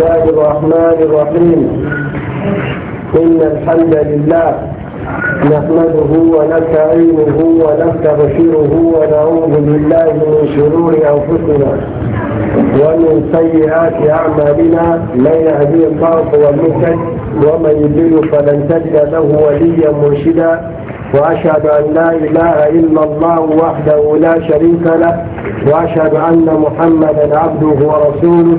الله الرحمن الرحيم إن الحمد لله نحمده ونستعينه ونستغفره ونعوذ بالله من شرور أنفسنا ومن سيئات أعمالنا من يهدي الله ومن ومن يضل فلن تجد له وليا مرشدا وأشهد أن لا إله إلا الله وحده لا شريك له وأشهد أن محمدا عبده ورسوله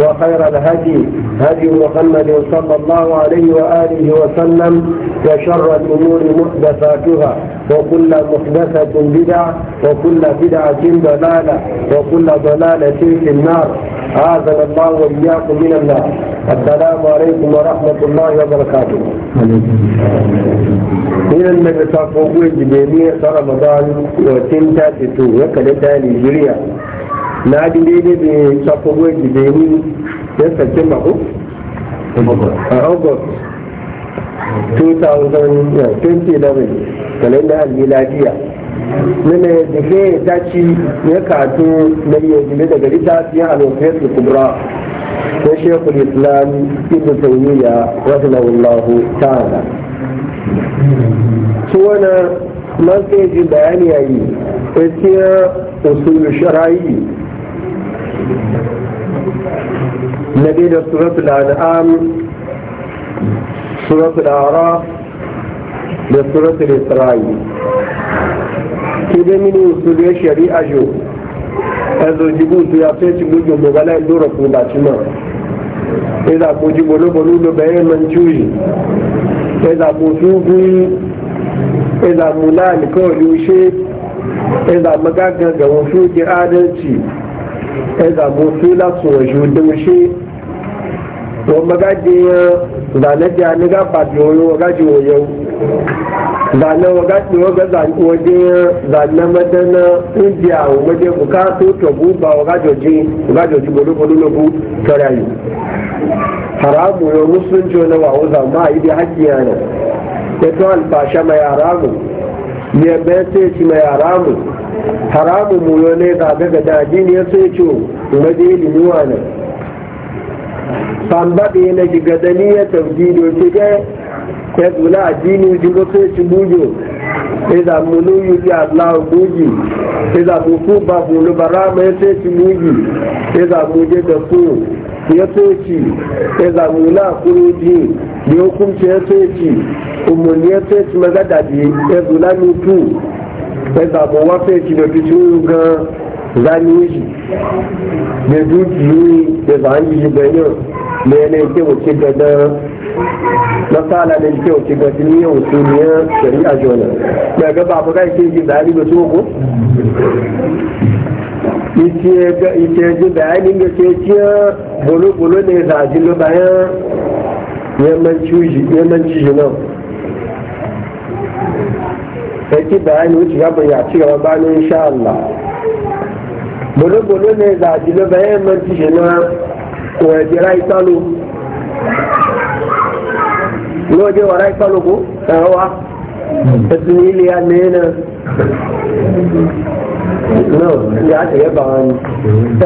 وخير الهدي هدي محمد صلى الله عليه وآله وسلم وشر الأمور محدثاتها وكل محدثة بدعة وكل بدعة ضلالة وكل ضلالة في النار أعزنا الله وإياكم من النار السلام عليكم ورحمة الله وبركاته من النبي صلى الله عليه وسلم رمضان وتنتا تتو وكالتا نيجيريا na ji daidai da shafagwai gidani ya sarki mako a august 2011 kalenda almiladiya nuna ya jike ya tashi ya kato na iya jime daga littafin alofiyar da kubra na shekul islam ibn taymiya rahimahullahu ta'ala su wani man sai ji bayani yayi gaskiya usul shara'i na da suratul an'am suratul ara, da suratul isra'i ke da mini usuliyar shari'a jo ẹzọ jibu tó yà fẹ́ ti gbójú ọmọ wálé lórọ̀ fún bàtí náà ẹzà kò jí bọ̀lọ́bọ̀lú ló bẹ̀rẹ̀ mọ̀ tí ó yìí adalci ẹgbà mú fílà sùn òṣù dẹwùṣe wọn mọgáde ìdánẹjẹ anigá pàdé oyún ọgájì òyẹ zane waga ti zane madana indiya waje bukatu to buba waga joji waga joji bolo bolo lobu tarayu haramu yo musulunci wani wa wuza ma yi ya to alfasha mai haramu ya bai sai haramu haramun mu yau ne ga ga da addini ya sai ce kuma da yi linuwa ne sambaɗe na gigadani ya tauji da ce ga ya zula addini ji ga sai ci bujo ya zamu yi ya Allah buji ya zamu ku ba bulu barama ya sai ci buji ya zamu je da su ya sai ci ya zamu la kuruji da hukunci ya sai ci umarni ya sai ci maza da ya zula mutu ẹgbà bọ̀ wá fẹ́ ti lọ títí ó gan zanúyì lẹ́dú lórí ne ń yí ibẹ̀ yàn lé ẹni tí ò ti dandan lọ́sàálà lẹ́ni tí ò ti gan ti ní òtún ní ẹ̀ pẹ̀lú àjọ náà pẹ̀lú bàbá káyì tí ìdí ìdáyà nígbà tó kó ìtì ẹjọ́ ìdáyà nígbà tó kí ẹ bolo bolo ní ìdájí ló bá yẹn yẹn máa sai bayani wuce gaba ya ci gaba bani insha Allah bolo-bolo ne da ajiyar bayan manci shi na wajen rai salo lóde wàrà ìkọlùkù ẹ̀rọ wa ẹ̀sìn ilé àmì ẹ̀nà náà ta àtẹ̀yẹ́ bàwọn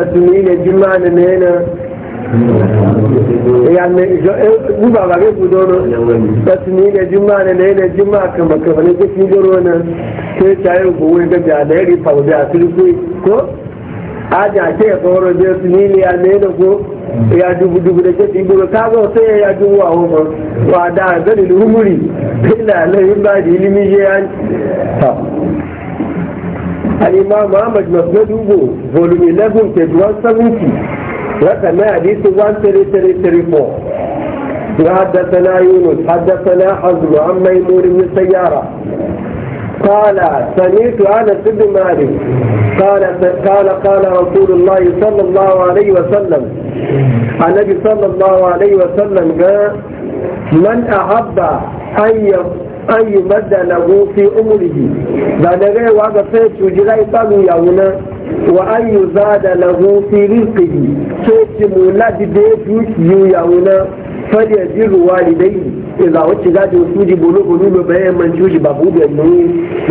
ẹ̀sìn ilé jimá àmì ẹ̀nà. yanne ni ba bare ku dono kasu ni da juma ne ne da juma kama baka wani ke fi doro na sai tayi ku wai ga da da ri a da su ko a da ke foro da su ni ne yanne da ko ya dubu dubu da ke fi doro ka ga sai ya dubu a hoba wa da zani lumuri illa yi ba da ilimi je an ta al-imam Ahmad Masnad Ugo volume 11 page 170 تري تري 13334 وحدثنا يونس حدثنا حزم عن ميمون بن السيارة قال سمعت انس بن مالك قال قال قال رسول الله صلى الله عليه وسلم النبي صلى الله عليه وسلم قال من احب ان an yi madda na gofi umurihi ba da gaiwa ga sai cuji rai balu ya wuna wa an yi za da na gofi rizkihi sai ci mula di da ya dukiyu ya wuna fadiyar jin ruwa da dai iza wacce za ta suji bolo bolo da bayan man juji ba bude ne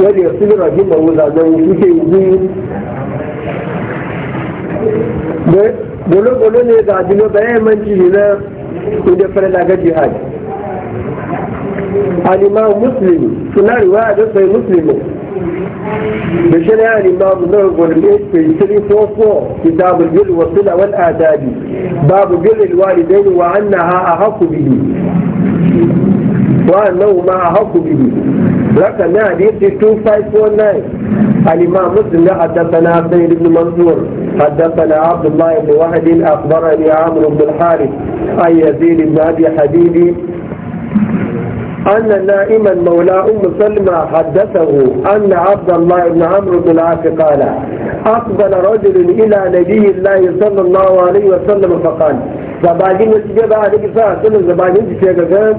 wani ya sulu rahim ba wuza nan suke yi bolo bolo ne ga jino bayan man juji na inda fara daga jihadi الإمام مسلم كنا رواية دفع مسلم بشرع الإمام نور والبيت في سري فوفو كتاب الجل والصلة والآداب باب جل الوالدين وأنها أحق به وأنه ما أحق به لكن حديث 2549 الإمام مسلم حدثنا سيد بن منصور حدثنا عبد الله بن واحد أخبرني عمرو بن الحارث أي يزيد بن أبي حبيبي أن نائما مولى أم سلمة حدثه أن عبد الله بن عمرو بن العاص قال أقبل رجل إلى نبي الله صلى الله عليه وسلم فقال زبانين وتجيب عليك صلى الله عليه وسلم زبانين تشيك كان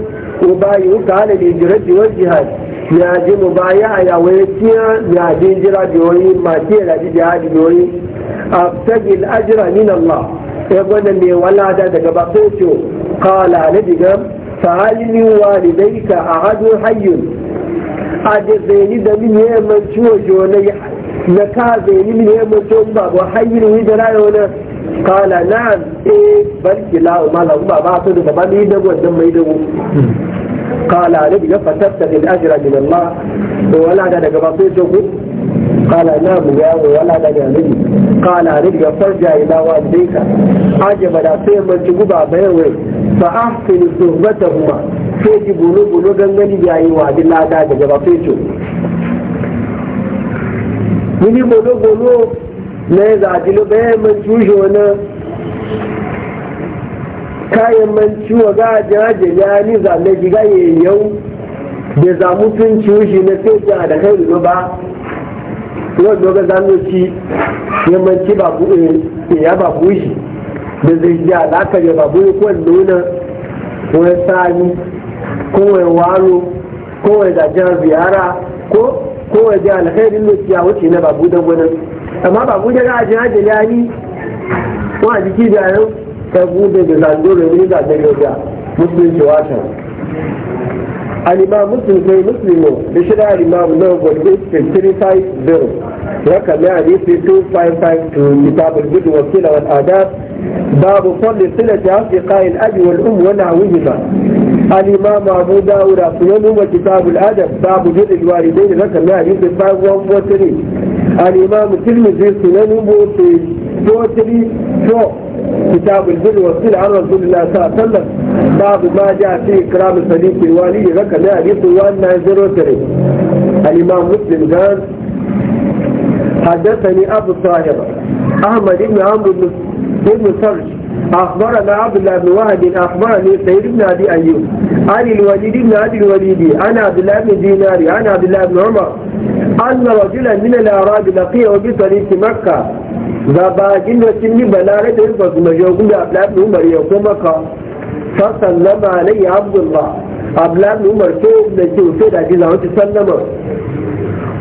وبايعوك على الهجرة والجهاد ya ji mu ba ya ya wai tiya ya ji jira biyoyi ma tiya da ji ya ji biyoyi abtagi al-ajra min Allah ya gwada me fa’ali min walidai ka a hajjun hayyun a da zai da min neman na ka zai yi min neman ciwo ba ba hayyun yi da rayu na kala na e barki la'u mala ba ba da ba mai dago don mai dago kala da biya fatar da ajira min Allah ko wala da daga ba sai قال نعم يا ولا لا جانبي قال رجع فرجع إلى والديك عجب لا سيما تقبع بيوي فأحسن صحبتهما sai bulu bulu gangani da yi wa dilla da daga bafeto na ya zaji lo bayan man tushe na kayan man wa ga jaje ya ni giga yau, da zamutun ci tushe na sai da kai ba wani dogon zanu ci yammanci ya babu shi da zai ji alakar ya babu ko wani nuna wani sani ko walo ko ziyara ko ko wani ji alkhairin lokaci na babu don wani amma babu da ra'ajin hajjali ya yi wa jiki da yau ta bude da zandoro ne da zai yau da musulunci wata an imam muslim sai muslimu da shida imam nawawi 35 bills رقم في 2552 كتاب الجد والصلة والآداب باب فضل صلة أصدقاء الأب والأم ونعوهما الإمام أبو داود أصيله كتاب الأدب باب جد الوالدين رقم في 513 الإمام الترمذي سنن بوصي توتري تو كتاب الجد والصلة عن رسول الله صلى الله عليه وسلم باب ما جاء في إكرام الصديق الوالي رقم في 1903 الإمام مسلم قال حدثني أبو الطاهر أحمد بن عمرو بن سرج أخبرنا عبد الله بن وهب أخبرني سيد بن أبي أيوب عن الوليد بن أبي الوليد عن عبد الله بن دينار عن عبد الله بن عمر أن رجلا من الأعراب لقيه بطريق مكة جنة وسن بلاغة يلبس مجوب عبد الله بن عمر يقوم مكة فسلم عليه عبد الله عبد الله بن عمر كيف نجي وسيد عبد الله سلم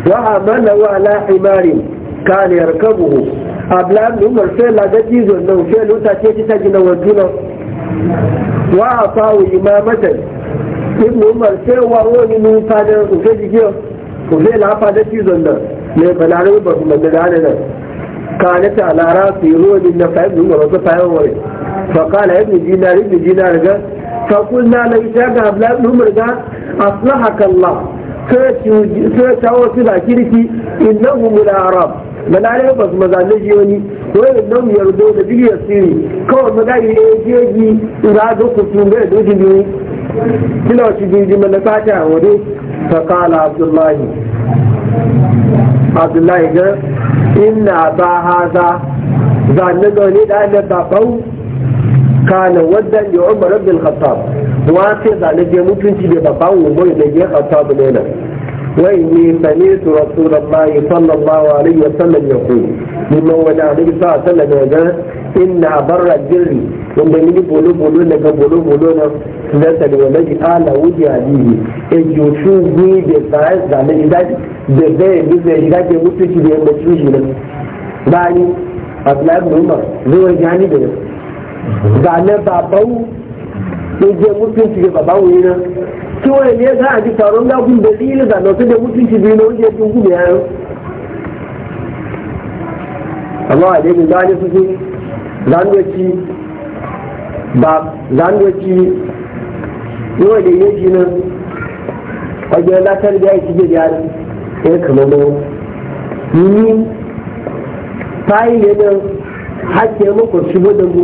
وعمله على حمار كان يركبه abdullahi bin umar sai laga jizo na wuce luta ce ta gina wa juna wa a fawo imamatan ibn umar sai wa wani nufa da wuce jikiyo wuce lafa da jizo na mai balarin ba kuma da gane nan kana ta lara su yi ruwanin na fa'ib bin umar wasu fa'ib wani ga fakulna na ita abdullahi umar sai kawo su da kirki innahu min arab malare ba su mazalle wani. ko inna mu yarda da biyu yasiri kawai magari ne jeji ina da ku sun ga doji biyu kila shi na malaka ta wani ta kala abdullahi abdullahi ga inna ba haza zanne da wani da annaba bau kana wadda ya umar ibn khattab zane zalaje mutunci da babban umar da ya hauta bulena wai ni sami su rasulullahi sallallahu alaihi wa sallam ya ku liman wani alaihi sa sallam ya ga inna barra jirri wanda mini bolo bolo na ga bolo bolo na na salwa ji ala wuji alihi e joshu ni da sa zalaje da da bai bi zai ga ke mutunci da ya mutunci ne bani abdullahi umar zai wani jani da ga ne babau sai je mutunci ga baban wuri na ki wani ne za a ji taron gagun da dili da na da mutunci biyu na wuce yakin gudu ya yau amma a daidai za a ne su zanwaci ba zanwaci yau da yi shi nan wajen latar da ya shige da yana ya kama da ni ta yi ne nan hakiyar makwabci shi da mu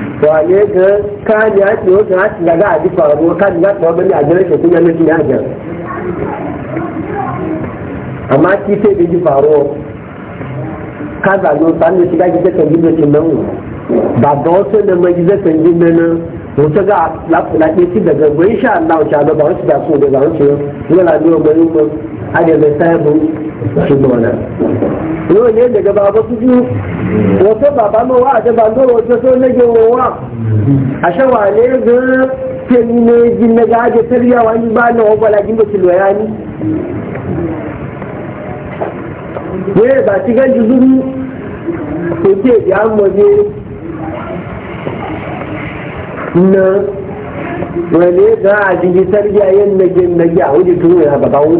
wale ga kani a ce wata hati daga a jifa wani kani na tsawo bane a jiran shekun yana shi yana amma ki sai da jifa ro ka zano sanu shiga gida kan gida shi nan ba ga wasu da mai kan gida nan wata ga lafi lafi shi daga gwai sha Allah wata ba wasu da su da ba yana ne wa gwanin ada mai sabu su dona yau ne daga baba su biyu wato baba ma wa da ba zo wato so na ge wa a shawale ga kemi ne jin na gaje tarya wani ba na wala jin ba tilwaya ni ne ba ti ga juzuru ko ke ya moje na wani ga a jigi tarya yin na gen na ya wuce tuwo ya ba bawo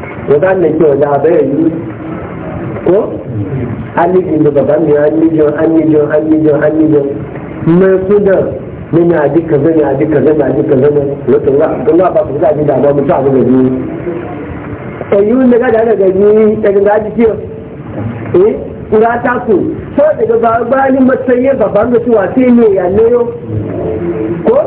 wata ne ke wajen abayar yi ko an da babban ne an nijin an nijin an nijin an nijin mai kudan ne na ji ka zane a ji ka zane a ji ka zane wata ga ba su zaɓi da ba abu da biyu yi ne ga da daga biyu ɗaga da ji kiyo eh ga ta ku so daga ba bayanin matsayin babban da su wasu ne ya ne ko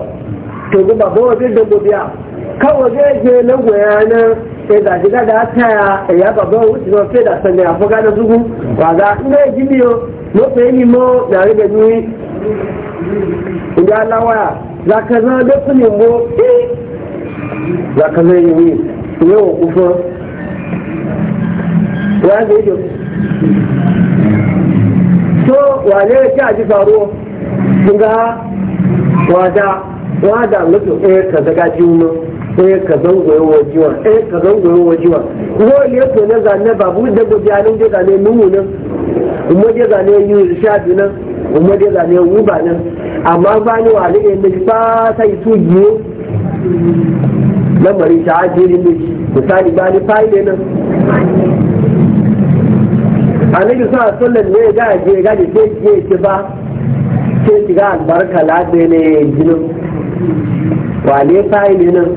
to ga babban wajen da gobiya kawo zai je na goyana e sai da shiga e da taya ya babban wuce na sai da sanya a fuga na zugu ba za in ga e ji biyo no sai ni mo na riga ni inda lawaya za ka zan da kunin mo za ka zai yi ne wa kufa ya zai yi so wane ya ci a ji faruwa kun ga wada wa da mutu eh ka zaga jiwuma eh ka zangoye jiwa eh ka zangoye jiwa ko ne ko ne za ne babu da gudanin da zanne nuhu nan kuma da ne yi shadu nan kuma da zanne wuba nan amma ba ni wa ne ne fa sai su na mari ta ajiri ne misali ba ni fa fa'ile nan annabi sa sallan ne ga je ga je ke ke ba ke shiga albarka la ne jinin wà lé fáìlì nan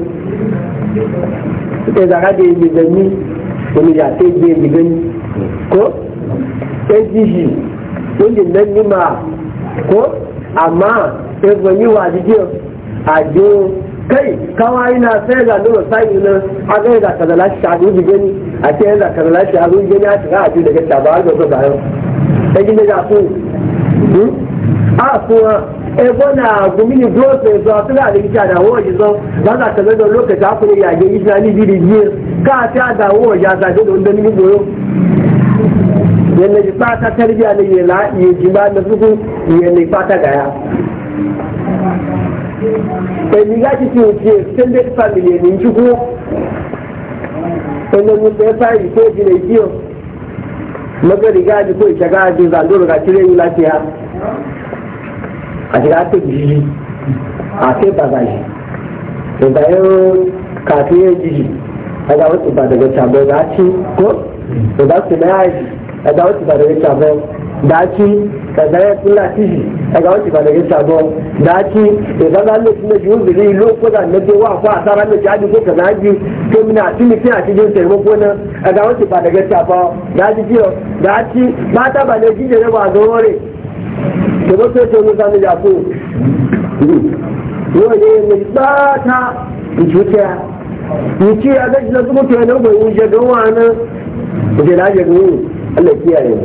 yi ma ko amma wa jijiyar a kai kawa ina sai ga nuna sai na a ga da kaza la shadu bi gani a ce da kaza la gani a tsira a ji daga tabar da yau sai gina ga su hmm? a ebona gumini grosso zo suna da ita da wo yi zo za ka kaza da lokaci aku ne yage islami biri biye ka ta da wo ya za da don dani boyo yanne ji fata tarbiya ne ya la ya ji ba da suku yanne fata gaya ẹni láti fi òtí extended family ẹni jùkú ẹlẹ́mu tẹ́ fáyì tó di nàìjíríà lọ́gẹ́rì gáàdì kó ìṣàgáàdì zàdúrò kàkiri ẹ̀yìn láti ha. àti káàtó jìjì àti bàbàyì ìbáyọ kàfíyè jìjì ẹgbà wọn ti bàdàgbẹ tàbẹ láti kó ìbá sì náà jì ẹgbà wọn ti bàdàgbẹ tàbẹ láti ẹgbà yẹn fún láti jì ẹgbà wọn ti bàdàgbẹ tàbẹ láti ìbá bá lè fún méjì òbí ìlú kódà méjì wà fún àtàrà méjì àdúgbò kan náà jì kémìnà àti mìtí àti jẹun tẹ̀lé gbogbo náà ẹgbà wọn ti bàdàgbẹ tàbẹ láti jì ọ láti bá tábàdàgbẹ jíjẹrẹ wà lọ́wọ́ rẹ̀. ṣòwò tó ṣe omi sani yàtọ̀ wọ́n yẹ ẹ̀mí gbáàtà ìtúkẹ́ ce adájúlá tó kókè ẹ̀nà ọgbọ̀n ìwúṣẹ́ gan wà ná òṣèlú àjẹgùn yìí ẹlẹ́kí ayé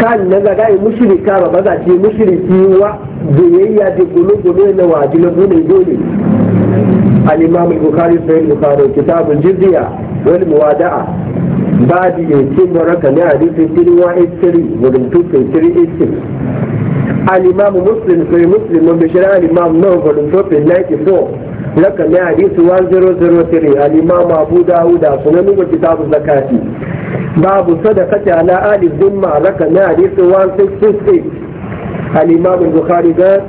káàdì náà gàdá yìí mùsùlùmí ká bàbá gàdí mùsùlùmí ti wá gbèyẹ yìí àti gbólógbòló ẹ̀ náà wà àti lọ́gbọ́n ní ìdóòlì alimami bukari sẹ́yìn bukari kìtàbù jíjìyà wẹ́lì mùwádàá babu e ya ce baraka ne hadisi 3183 wurin 2386 al Alimamu muslim sai muslim mun bishira al-imam nawa wurin 2494 laka ne hadisi 1003 Alimamu imam abu dawuda sunan nuba kitabu zakati babu sadaqati ala ali dhimma laka ne hadisi 1668 al-imam al-bukhari da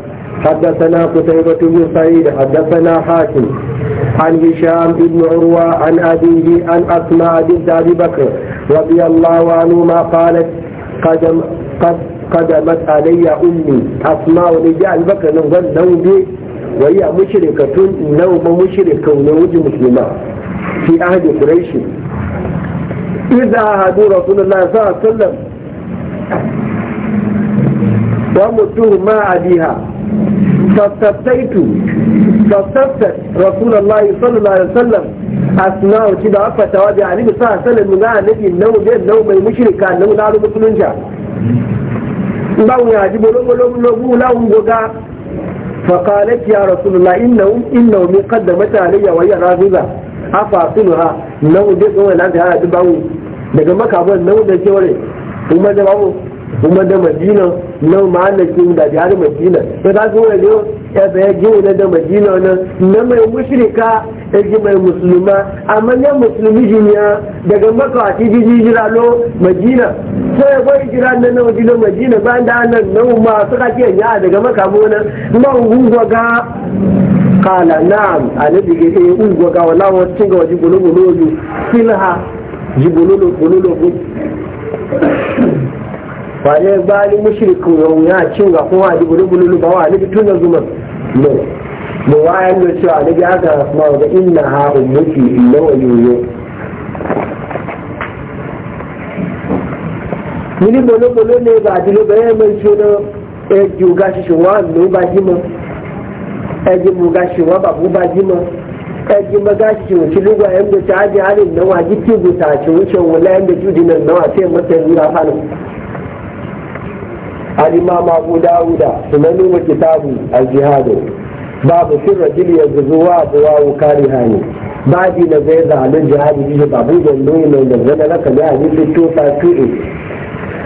حدثنا قتيبة بن سعيد حدثنا حاكم عن هشام بن عروة عن أبيه عن أسماء بنت أبي بكر رضي الله عنهما قالت قدم قد قدمت علي أمي أسماء نجاء بكر نظل نوم وهي مشركة نوم مشركة ونوج مسلمة في أهل قريش إذا أهدوا رسول الله صلى الله عليه وسلم ومتوه ما أبيها فاستفتيت فاستفتت رسول الله صلى الله عليه وسلم أثناء كده فتوى يعني صلى الله عليه وسلم من النبي إنه جد لو ما يمشرك أنه دعوه مسلم لو يعجب لو لو لو لو فقالت يا رسول الله إنه إنه من قدمت علي وهي راغبة أفاصلها لو جد لو لو لو لو لو لو لو لو لو لو kuma da madina nan ma na kin da jihar madina da za su wani ne ya bai gini na da madina nan na mai mushrika da ji mai musulma amma ne musulmi jiniya daga makawaci jiji jira lo madina sai kwai jira na na wajen madina ba da nan nan ma ka ke ya daga makamo nan ma ungwa ga kala na'am alabi ke eh ungwa ga wala wacin ga wajen bulubulu filha jibululu bululu wale bali mushriku yau ya cin ga kuma a dubulu bululu ba wa nabi tun da zuma no mu wayan da cewa nabi aka ma ga inna ha ummati illa wa yuyu mini bolo bolo ne ba dilo ba yayin mai shono e juga shi shi wa no ba jima e ji mu ga shi wa ba bu ba jima e ji ma ga shi shi da ta halin na ta ci na wa sai الإمام أبو داود سنن كتاب الجهاد باب في الرجل يجزوا أبواه كارهاني بعد نزيد على الجهاد يجي بابو جنوي من نزل لك جهاد في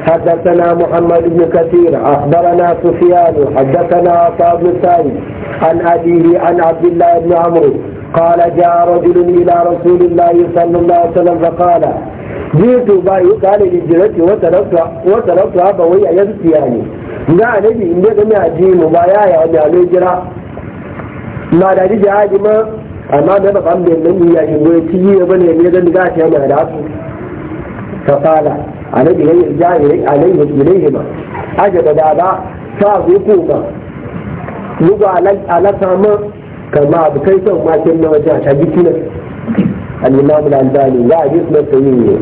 حدثنا محمد بن كثير أخبرنا سفيان حدثنا عطاء بن سعيد عن أبيه عن عبد الله بن عمرو قال جاء رجل إلى رسول الله صلى الله عليه وسلم فقال ba yi kare jirage جئت باي قال لجرتي وتركت وتركت ابوي يبكياني ga annabi inda dai gami addini mu ba ya ya mai alo jira ma da ji jihadi ma amma da ba kan bin nan ya ji goyi ci ya bane ne zan ga ta mai da su fa fala annabi ya yi jahiri alaihi ilaihi ma aje da da ba sa ku ku ba lugu alaka ma kama abu kai son ma na wajen a ta biki na al-imam al-albani ga hadis na sahihi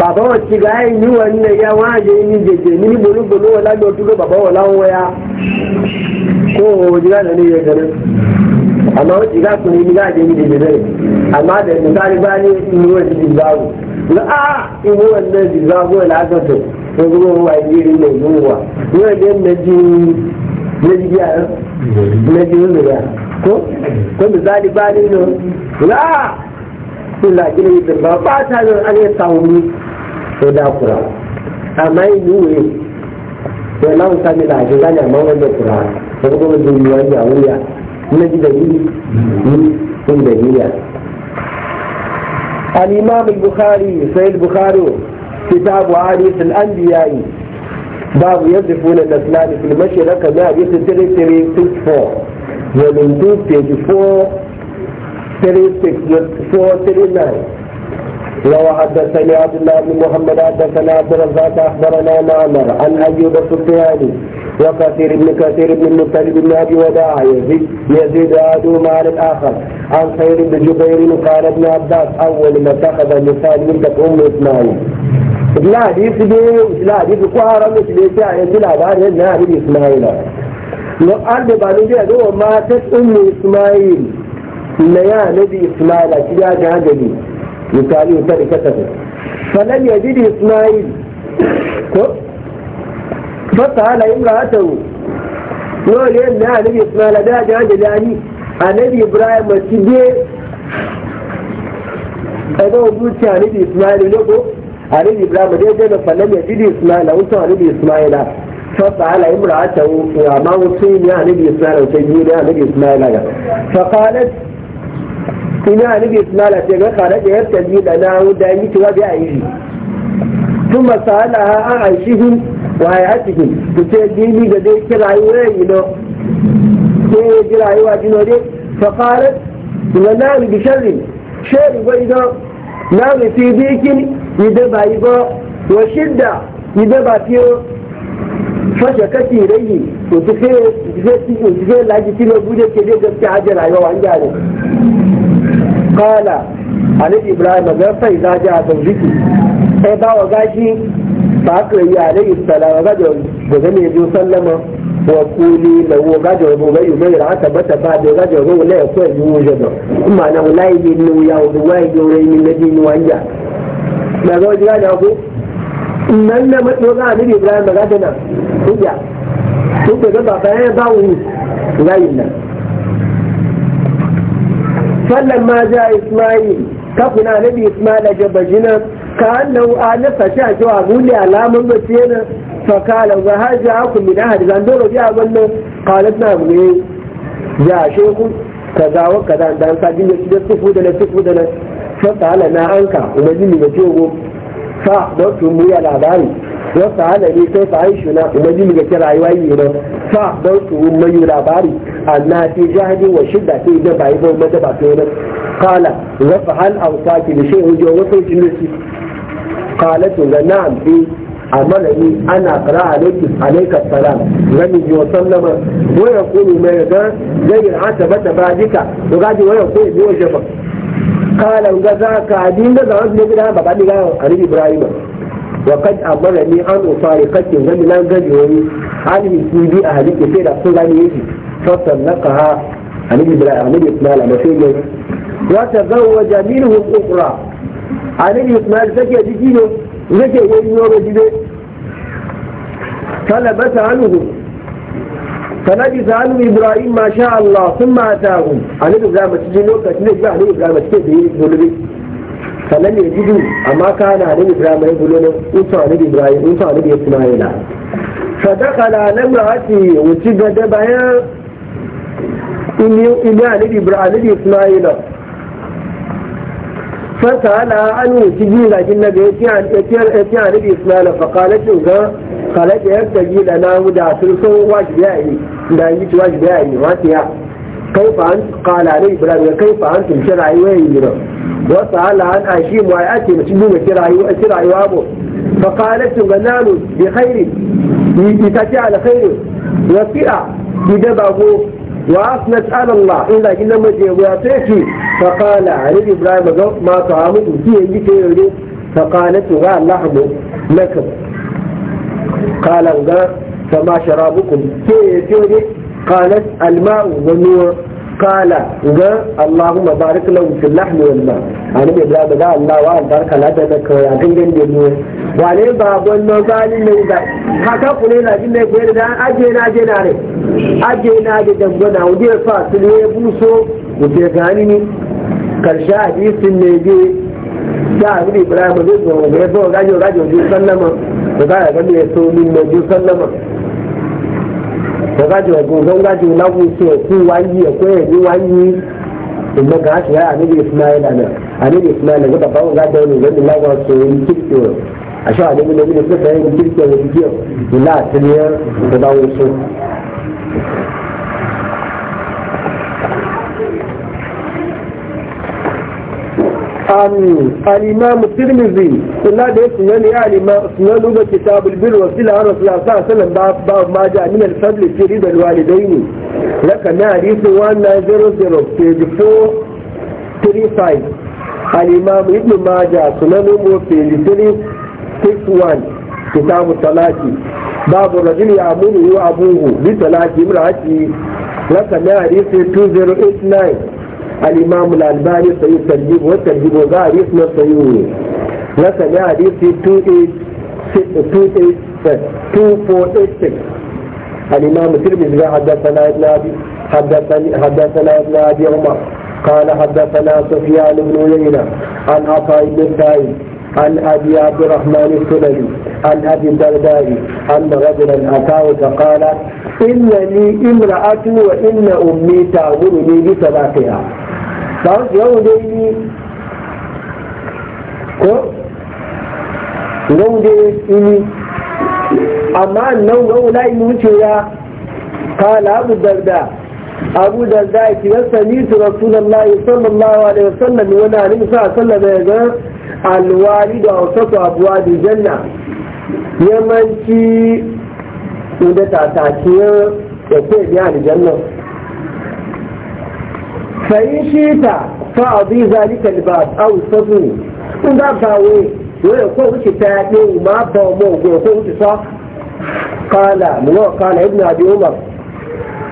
bàbá wọn ti gba ẹ̀yìn ya ní ẹ̀yà wọn àyè ní jèjì ní gbólógbòló wọn lágbó bàbá wọn láwọn ya kó o jìgá nínú iye ọ àmọ́ ó jìgá kùn ní nígbà àjẹ́ ní jèjì bẹ́ẹ̀ àmọ́ àbẹ̀mí kárí bá ní ìwọ̀n ti di ah, ní náà gbogbo wa ìrírí lè mú wa àná ń kó kó mi nínú ní ah, bismillah gina yi ba ba ta nan an yi sauni ko da kura amma yi yiwu ya lawan sami da ajin amma wanda kura da kuma wani a wuya na ji da yi sun da anbiyai باب الاسلام في المشي 3 64 ومن 2 36.439 لو حدثني عبد الله بن محمد حدثنا عبد الرزاق اخبرنا معمر عن ايوب السفياني وكثير بن كثير بن مطلب بن ابي وداع يزيد يزيد احدهما على الاخر عن خير بن جبير قال ابن عباس اول ما اتخذ النساء بنت ام اسماعيل لا حديث دي لا حديث قهر مش بيتي يزيد العبار هنا اسماعيل لو قال بني ما ماتت ام اسماعيل na ya nabi ismaila shi ya ga gani misali ta da kasa falan ya ji ismail ko fata hala imra'atahu dole na nabi ismaila da ga a annabi ibrahim ti dé ẹgbẹ́ ojú tí àníbi ismail lóko ibrahim dé dẹ́nu fàlẹ́lẹ̀ dídì ismail àwọn tó àníbi ismail à fọ́tà àlà ìmúra àtẹ̀wò ìhàmáwó tún a àníbi ismail ọ̀tẹ̀ yìí ismail ina annabi sallallahu alaihi wasallam kada ya tabi da na da yi tuwa bi ayi kuma salaha an aishihim wa hayatihim ku ce dini da dai kirayuwa yi no ke kirayuwa dino dai fa qalat wa na bi sharri sharri wa idan na bi fi bikin idan bai ba wa shidda da ba fiyo fashe kake rai to sai sai sai laji kilo buje ke dai gaskiya hajjar rayuwa an gyare kala alif ibrahim ga sai za ji a tsauriki sai ba wa gashi ba ka yi alayhi salama ga da ga zane ji sallama wa kuli da wa ga da ga yi mai raka aka bata ba da ga da wo la ko yi wuje da kuma na wallahi ne ni ya wo wai ga rai ni ne ni wanja da ga ji ga ku nan na mato ga alif ibrahim ga da na kuya kuka ga ba ba ya ba wu ga yi nan فلما جاء إسماعيل كفنا نبي إسماعيل جبجنا كأنه آنفة شاكوا أقول لي على من بسينا فقال وها جاءكم من أحد زندور جاء ولو قالت نعم جاء شيخ كذا وكذا أنت أنسى جنة شدة تفودنا تفودنا فقال أنا أنك ومجيني بجيوه فأحضرتم ويا العباري wasu halari sai fa aishu na umarni ga ta rayuwa yi na fa don su mayu labari anna fi jahadi wa shidda ta yi da yi ba mata ba ta yi kala wasu hal ausaki da shi hujjo wasu jinnusi kala tun ga na'am eh amalani ana kara alaikum alaika salam lami yo sallama wa yaqulu ma yada zai hata bata bajika to gaji wa yaqulu biyo shafa kala ga za ka din da zaman ne gida baba diga annabi ibrahim وقد أمرني أن أفارقك ومن أن قدرني عن مسيبي أهلك سيرا سلاني يجي فطلقها عن إبراهيم عن إسماعيل مسيبي وتزوج منهم أخرى عن إسماعيل زكي تجينه زكي وينور جبه فلبس عنه فلبس عنهم إبراهيم ما شاء الله ثم أتاهم عن إبراهيم تجينه كتنجح لإبراهيم تجينه sannan ne gudu amma ka na nan ibrahim ya gudu ne usa ne ibrahim usa ne sadaka da nan ma wuce da bayan ilmi ne ibrahim ne ya tuna yana an wuce ji ga gina ya ce a ne ya tuna yana fakalar shi da ya da namu da sun sun wajibi ya yi da yi ci wajibi كيف أنت قال عليه إبراهيم كيف أنت شرعي وين وسأل عن عشيم وآتي مسلم شرعي شرعي وابو فقالت غنان بخير يتاتي على خير وفئة بدبه وأثنت على الله إلا إنما جواتك فقال علي إبراهيم ما طعامك فيه اللي عندك فقالت غا لحم لك قال غا فما شرابكم كيف قالت الماء والنور kala ala ngan Allahuma barika la wuce lahanu ma a wane mai birane ba za a lalwa albarka na ta da kayan a dangane ne ne ba ale ba a gannan ba zaa yi min gari ne za a yi min gari da a ajiye na ajiye da damgagana a fa a kili ya guso da zan yi min karshe ajiye sun nege yari a wuɗi Ibrahim ma zai zo ajiye sallama ba za a yi ma a yi so mu yi sallama. wọ́gájú ẹ̀gbọ́n wọ́gájú láwùjọ ẹ̀kú wáyé ẹ̀kọ́ ẹ̀dín wáyé ìgbọ́n kan aṣọ yára níbi ìfúnmáyé lànà àníbi ìfúnmáyé lànà gbọ́dọ̀ báwọn gájọ ẹni ìgbẹ́ni láwọn sọ èyí kíkì rẹ̀ aṣọ àníbi lórí ìfúnmáyé kíkì rẹ̀ ìdíjẹ́ ìlà àtẹnìyàn da wọn so. الإمام الترمذي قلنا ده سنن يعلم سنن هو كتاب البر وسيلة عن رسول الله صلى الله عليه وسلم باب باب ما جاء من الفضل في رضا الوالدين لكن حديث 1900 page 435 الإمام ابن ماجه سنن هو page 361 كتاب الطلاق باب الرجل يعمله أبوه بطلاق امرأته لكن حديث 2089 الإمام الألباني سيو ترجيب والترجيب وغار اسمه سيوني لسنا حديث 2486 الإمام الترمذي حدثنا ابن أبي حدثنا ابن أبي عمر قال حدثنا سفيان بن عيينة عن عطاء بن سعيد عن أبي عبد الرحمن السلمي عن أبي الدرداء أن رجلا أتاه فقال إنني امرأة وإن أمي تأمرني بطلاقها kawai su yawon dai yi ko yawon dai yi amma nan yawon yi wuce ya kala abu darda abu darda ya kira sami su rasulallah sallallahu alaihi wasallam wani hannun sa da ya ga alwali da wasu abuwa da janna yamanci inda ta takiyar da ke biya da jannan fayin shi ta ta zalika a wutsatsu in za ta we wadda wuce ta ya ma ba mu ga kwa wuce sa kala muwa kala ibn abi umar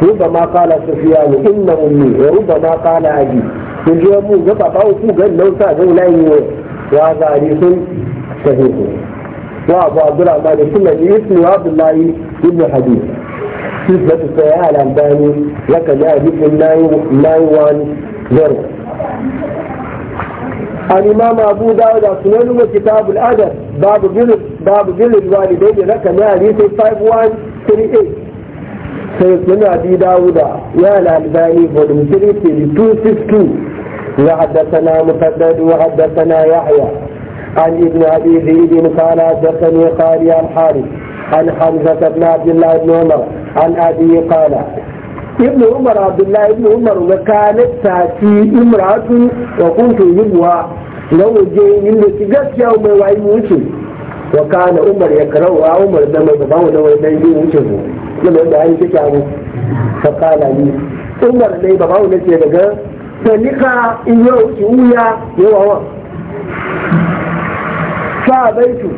ruba ma kala sufiya ne in na ruba ma kala aji. in ji mu ga ba bawo ku ga nan sa zai layi ne ya zari sun tafi wa abu abdullahi ma suna abdullahi ibn hadith حزبة السياء الألباني لك جاهد نايوان زرو الإمام أبو داود أسنان وكتاب الأدب باب جلد باب جلد الوالدين لك نايوان 5138 sai suna bi dawuda ya al-albani volume 3 262 ya haddathana mutaddad wa haddathana yahya عن ابن أبي زيد قال حدثني قاري الحارث عن حمزة بن عبد الله بن عمر عن أبي قال ابن عمر عبد الله ابن عمر وكانت تأتي امرأة وكنت يبوى لو جاي من تجس يوم وعيوتي وكان عمر يكره عمر لما يبغون ويبيوته لما يبغى يكتبه فقال لي عمر لي بغون لك يبغى فلقى إياه ويا يوه sa baitu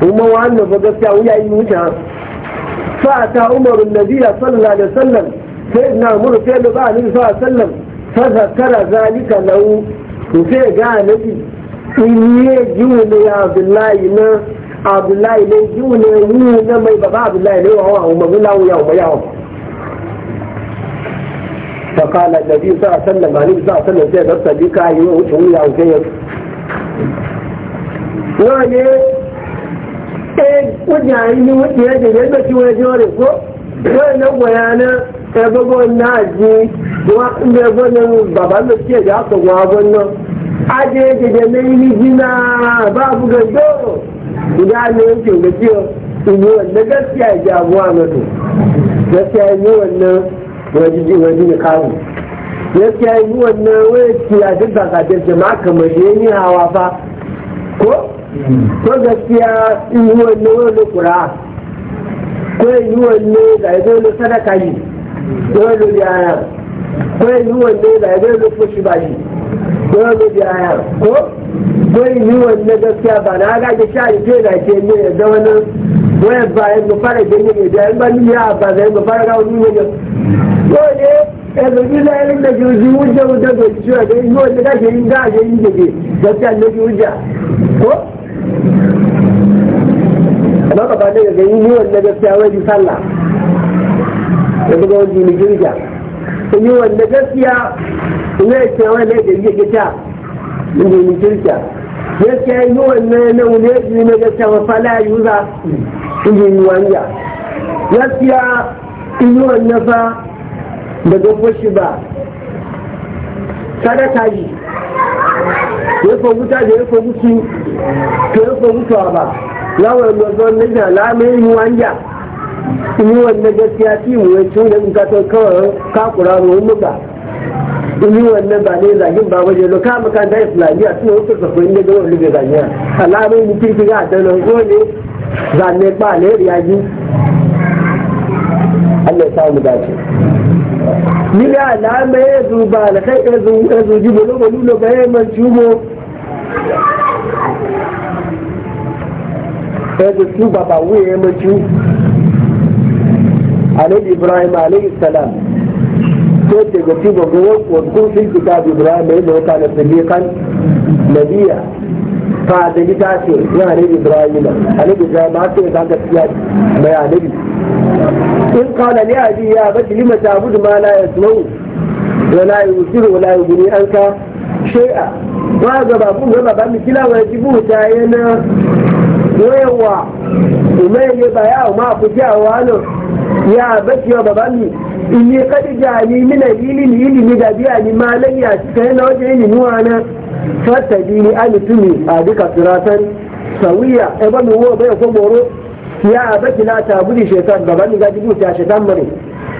kuma wannan ba gaskiya wuya yi wuta fa ta umaru Nabiya sallallahu alaihi wasallam sai na umar sai da ba ni sallallahu alaihi fa zakara zalika lahu to sai ga nabi in ye jiwu ne abdullahi na abdullahi ne jiwu ne yi na mai baba abdullahi ne wa wa umar la wuya wa yawa fa qala nabi sallallahu alaihi wasallam alaihi wasallam sai da sabika yi wuce wuya wuce wani eh wajen yi ni wajen yadda ya ɗauki wani jiwa ko wani nan bayanan ẹgbẹ́gbọ́n na jí wọ́n ń bẹ ẹgbọ́n náà bàbá ló ti ẹ̀dá àtọ̀wọ́ agbọ́n náà adé yi ni ní jí náà bá àbúgbẹ̀ gbòòrò ìyá ni ó ń fi òwe tí ó ìlú ẹ̀dẹ́gẹ́ sí ẹ̀jẹ̀ àwọn àmọ́tò lẹ́sẹ̀ ẹ̀yìn wọn náà wọ́n jíjí wọ́n jí ní káwọn lẹ́sẹ̀ ẹ̀yìn wọn náà wọ́n ti àdébàkàdé ko gaskiya in yi wanne wani kura ko yi wanne ga yi wani sadaka yi wani biyaya ko yi da ya zai lusa shi ba yi wani biyaya ko ko yi wanne gaskiya ba na ga ki sha ike na ke ne da wani wani bayan mu fara gani ne da yan ba ni ya ba zai mu fara gawo ko ne ẹgbẹ̀rún náà ẹni lẹ́jọ́ ojú wújẹ́ wújẹ́ gbèsè ẹgbẹ̀rún náà ẹni lẹ́jọ́ ojú wújẹ́ gbèsè ẹgbẹ̀rún náà ẹni lẹ́jọ́ ojú gbèsè ẹgbẹ̀rún náà ẹni ojú amma ka bane ga gani ni wanda gaskiya wai ji sallah da kuma wani ni girga in ni wanda gaskiya ne yi ce wai ne da yake ta ni yi ni girga gaskiya ni wanda ne ne ji ne gaskiya ma fala yuza ni ni wanda gaskiya ni wanda wannan fa daga fushi ba sadaka yi ya fa wuta da ya fa mutu to ya fa ba lawar gwazon na jan lamarin yi wanja yi wannan gaskiya ci mu ya ci da in ka kawai kakura ruwan muka yi wannan ba ne zagin ba waje lo ka makanta islamiyya suna wasu sakwai inda gawar rube zaniya alamai ni kirki ga adana gole zane ba ne riyaji Allah ya samu dace ni ga alamai ya zuba da kai ya zuji bolo bolo ba ẹ̀dù tí bàbá wuya ya mọ́jú alẹ́bí ibrahim aleyhi salam tó tẹ̀gọ̀ tí gbogbo wọn kò fi kìtà ibrahim ẹ̀ lọ́ta lọ sí ilé kan nàbíyà fàdé ta ce ya alẹ́bí ibrahim alẹ́bí ibrahim á tó ìka gaskiya mai alẹ́bí in kọ́nà ní àbí ya bá ti lima ta abudu ma la yasmau wa la wa la yubuni ka shay'a ba ga babu ga babu kila wa ta yana yawa ume ne ba ya ma ku ji a ya baki wa baban ni ili kadi ni, mina ilimi ilimi da biya ni malam ya cika yana waje ilimi wani fata dini a mutumi a duka turatan sauya ebe mi wo bai ko boro ya baki na tabuli shetan baban ni ga dubu ta shetan mare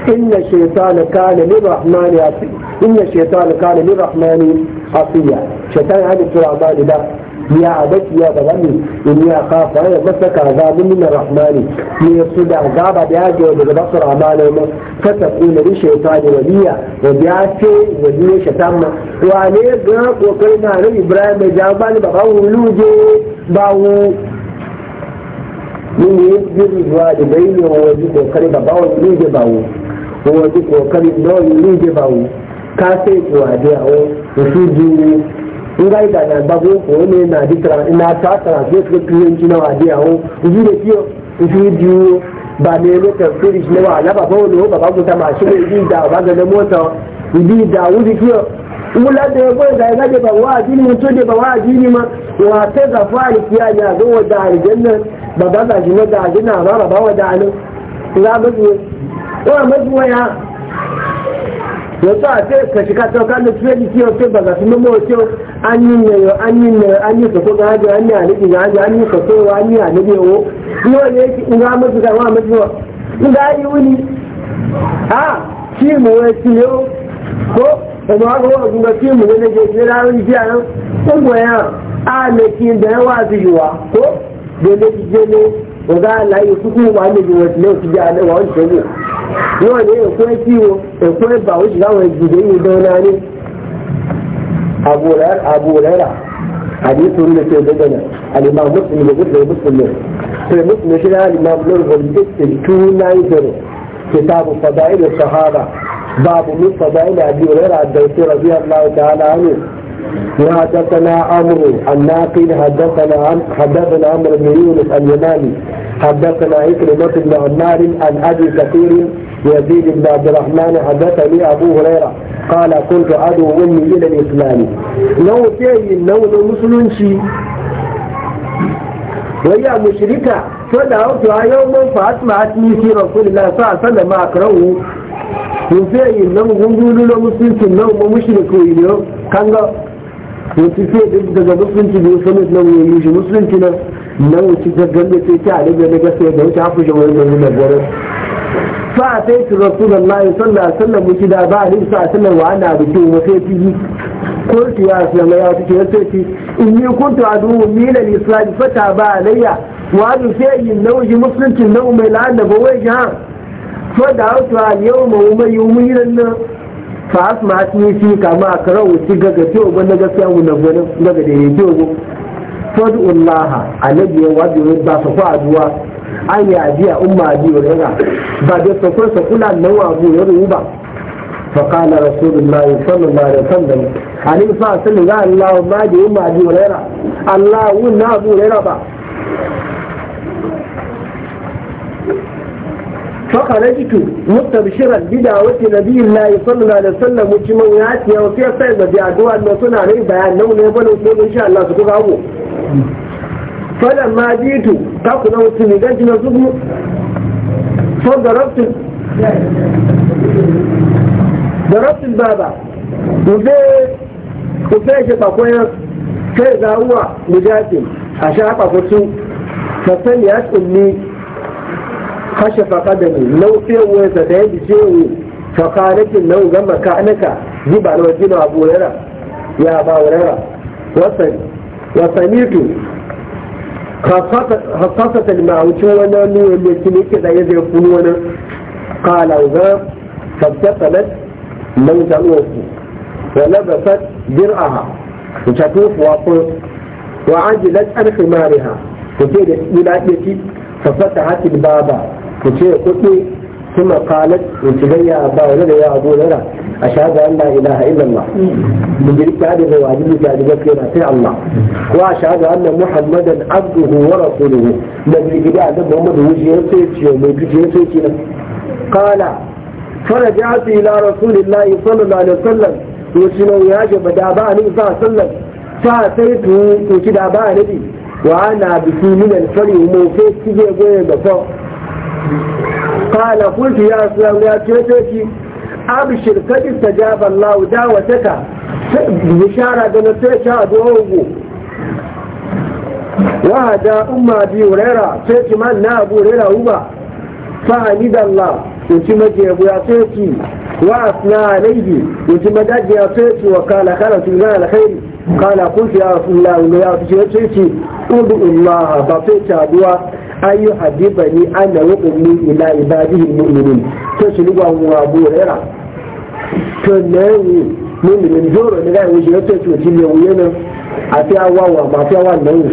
إن الشيطان كان للرحمن عصيا إن الشيطان كان للرحمن عصيا شيطان هذا سورة عبادة ده يا عبد يا بغني إني أخاف أن يمسك عذاب من الرحمن ليصد عذاب بياجي وبالبصر عمالهم فتكون للشيطان وليا وبياجي وليا شتم وعليه قرق وقلنا على إبراهيم جابان بغو لوجي باو من يجري والدين ووجود وقلنا باو لوجي باو Wa ti kokarin nawa yìí ń jẹba o káṣẹ́ ètò àdé àwọn òfin ju nga yi dana gbagbo òun ní na di tara na ta tara fi fi fi ń jiná àdé àwọn òfin lè su òfin ju ba ne ne tẹ fúri ní wa alábà bọ́ òun ló bàbá ta máa ṣe lè da, ìdá ọba gẹ̀dẹ̀ mota." ìdí ìdá òun ti fi wula da ya goyi zai gaje ba wa addini mun to da ba wa addini ma wa ta ga a, kiya ya ga wa da aljanna ba ga ga jina da jina ba ba wa da aljanna ga ga wọ́n mẹ́tí wọ́n yá yọ̀tọ̀ àti kẹ̀síkàtọ̀ kánú tí wọ́n ti ọ̀tẹ́ bàgà sí mọ́mọ́ ọ̀tẹ́ anyinayọ̀ anyinayọ̀ anyisọ̀tọ̀ gáájọ anyi àlejò gáájọ anyisọ̀tọ̀ wọ anyi àlejò owó ní wọ́n yẹ kí nga mẹ́tí ká wọ́n mẹ́tí wọ́n nga ayi wuli a tíìmù wọn ti yó kó ọmọ akọwọ́ ọ̀gbìn kan tíìmù wọn lè jẹ a lè kí n bẹ̀rẹ̀ ọ̀gá àlàyé kúkú wà níbi wọn sílẹ̀ òtí jẹ́ alẹ́ wọn ṣẹ́gun yóò ní ẹ̀kọ́ ẹ̀kí wo ẹ̀kọ́ ẹ̀bà ó sì láwọn ìdìbò yìí dán náà ní àbúrẹ́rà àdéhùn ní ṣe ọ̀dẹ́gbẹ̀ náà àlèmọ̀ mùsùlùmí lè gbèsè mùsùlùmí pẹ̀lú mùsùlùmí ṣe náà àlèmọ̀ lọ́rùn كتاب فضائل الصحابة باب من فضائل أبي هريرة الدوسي رضي الله تعالى عنه وحدثنا عمرو الناقل حدثنا حدثنا عمرو بن يونس اليماني حدثنا عكرمة بن عمار عن ابي كثير يزيد بن عبد الرحمن حدثني ابو هريره قال كنت عدو امي الى الاسلام لو تي لو مسلم شيء ويا مشركة فدعوت يوم فأسمعت لي في رسول الله صلى الله عليه وسلم أكرهه وفي إنه غنجول لمسلم سنه ومشرك وإنه كان وفي إنه مسلم سنه وسمت له ويوش مسلم سنه إنه تتجنب في تعليم لك سيده وتعفش ويوش مسلم سنه fa sai su rasulullahi sallallahu alaihi wasallam ki da ba alaihi sallallahu wa ana biki wa sai ki kuntu ya sallallahu ya tuke sai ki in yi kuntu adu min al-islam fata ba alayya wa adu sai yin nauji musulunci nau mai la'anna ba wai jahan fa da wasu al-yawma wa mai yumiran nan fa asma'at ni fi kama karau ci gaga ce wa na gaskiya mu na gwanin daga da yake go fadu Allah alabi wa bi ba fa aduwa ani ajiya umma ajiya urera ba da sokon sokula nan wa abu ya ruwa ba fa kana rasulullahi sallallahu alaihi wasallam ani fa sallu ga allah ma da umma ajiya urera allah wun na abu urera ba فخرجت مستبشرا بدعوة نبي الله صلى الله ya وسلم وشمو ياتي وفي السيد بدي ادعو ان نصنع عليه بيان نو نبلو ان Allah su سكوك ابو falan ma jitu ta ku na wasu miganci na zubu son da rabtun da rabtun baba ku fai shi bakwai sai zawuwa mujafin a shafa kusu sassan ya tsulli kashe faƙadami laufewar da ta yi bishewu fakarakin nau ga makanaka zuba na a abu ya ba wurera wasanitu خاصة ما وشونا من اللي كذا يزيفون قال وذا فابتقلت من تأوف ولبست درعها وشكوف وطن وعجلت عن خمارها وكذا إلى أتيتي ففتحت البابا وكذا قلت kuma kalat wace bayya ba wani da yawa zo lara a shaga an la'ila ilaha illallah mu ji ta da zai wajibi ta da zai sai Allah ko a shaga an la muhammadan abduhu wa rasuluhu da bi gida da muhammadu wuce ya sai ce mai gije sai ce na kala farajatu ila rasulillahi sallallahu alaihi wasallam ko shino ya ga bada ba ni sa sallan ta sai tu ko kida ba nabi wa ana bi min al-fari mu sai kige goye da fa قال قلت يا رسول يا تيتي أبشر قد استجاب الله دعوتك بشارة نتيجة دعوه وهذا أم أبي هريرة تيتي من لا أبو هريرة هو فحمد الله يتم جيب يا تيتي وأثنى عليه يتم دج يا تيتي وقال خلت الله الخير قال قلت يا رسول الله يا تيتي ادعو الله بطيت أدوى an yi habiba ni an na ummi ila ibadihi mu'minin to shi lugwa mu abu burera? to ne wu mu'minin joro ne ga yi wuce to ci ci ne wuye ne a fi awa wa ma fi awa nan wu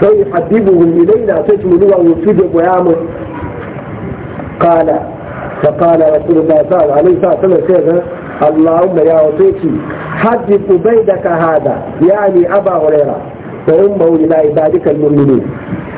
to yi habibu hun ilaina to ci lugwa mu fi da boya mu kala fa kala rasulullahi sallallahu alaihi wasallam sai ga اللهم يا وصيتي حبب عبيدك هذا يعني أبا هريرة وأمه إلى عبادك المؤمنين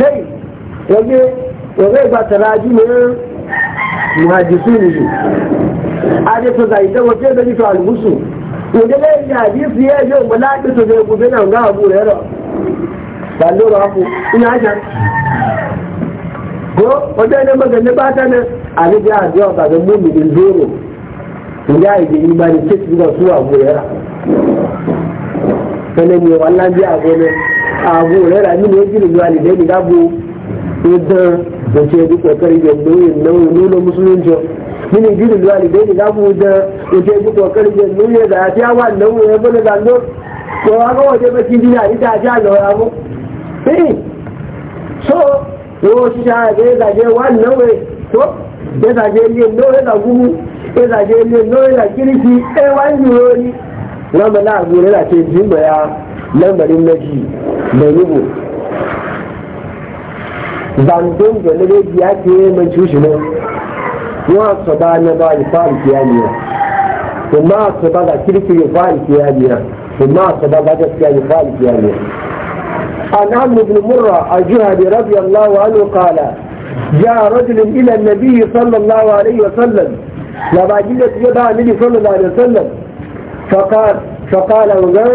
kai waje waje ba ta raji ne muhajisu ne a je to zai ta waje da ni ndị albusu waje ne ya hadisi ya je mu laɗi to zai na ga abu ya ra ba lo ra ku ina ko ne magana ba ta ne a ne ja ja ba ni zoro ya yi imani ce su ga ndị abu gobe abu rara mini ya gina zuwa lidai ni gabo yadda da ce duk kokari da nauyin nauyin nuna musulunci mini gina zuwa lidai ni gabo da ya ce duk kokari da nauyin da ya ce wa nauyin ya bane zando ko a ga waje baki dina ita a ja ga wani eh so ko shi ta ga ya je wannan wai ya zaje ile nauyin da gumu ya zaje ile nauyin da kirki eh wani yoni na mala abu ce jimba ya lamarin na ji da rubu zandon da na reji ya ke man cushi nan yawan su ba na ba ya fara kiyaniya kuma su ba ga kirki ya fara kiyaniya kuma su ba ga gaskiya ya fara kiyaniya عن عمرو بن مرة الجهدي رضي الله عنه قال جاء رجل إلى النبي صلى الله عليه وسلم لما جلت يدعى النبي صلى الله عليه وسلم فقال فقال وقال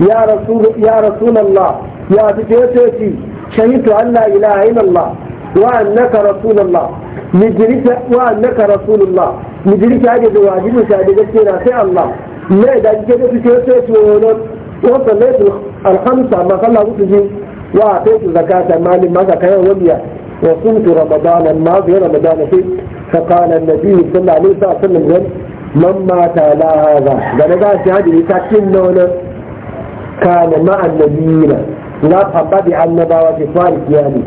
ya rasulun Allah ya fito ya ce shahi to Allah ilaha illallah wa annaka rasulullah mijrika wa annaka rasulullah mijrika ga da wajibi sa da gaske na sai Allah ne da kike da fito ya ce to wannan ko sai to alhamdulillah ma sallah ku ji wa sai to zakata mali ma ka kai wabiya wa kuntu ramadanan ma bi ramadan fi fa qala annabi sallallahu alaihi wasallam man mata la hadha da daga shahadi ta kin nawa kana ma'an nabiyina na famba da annabawa ke fari kiyami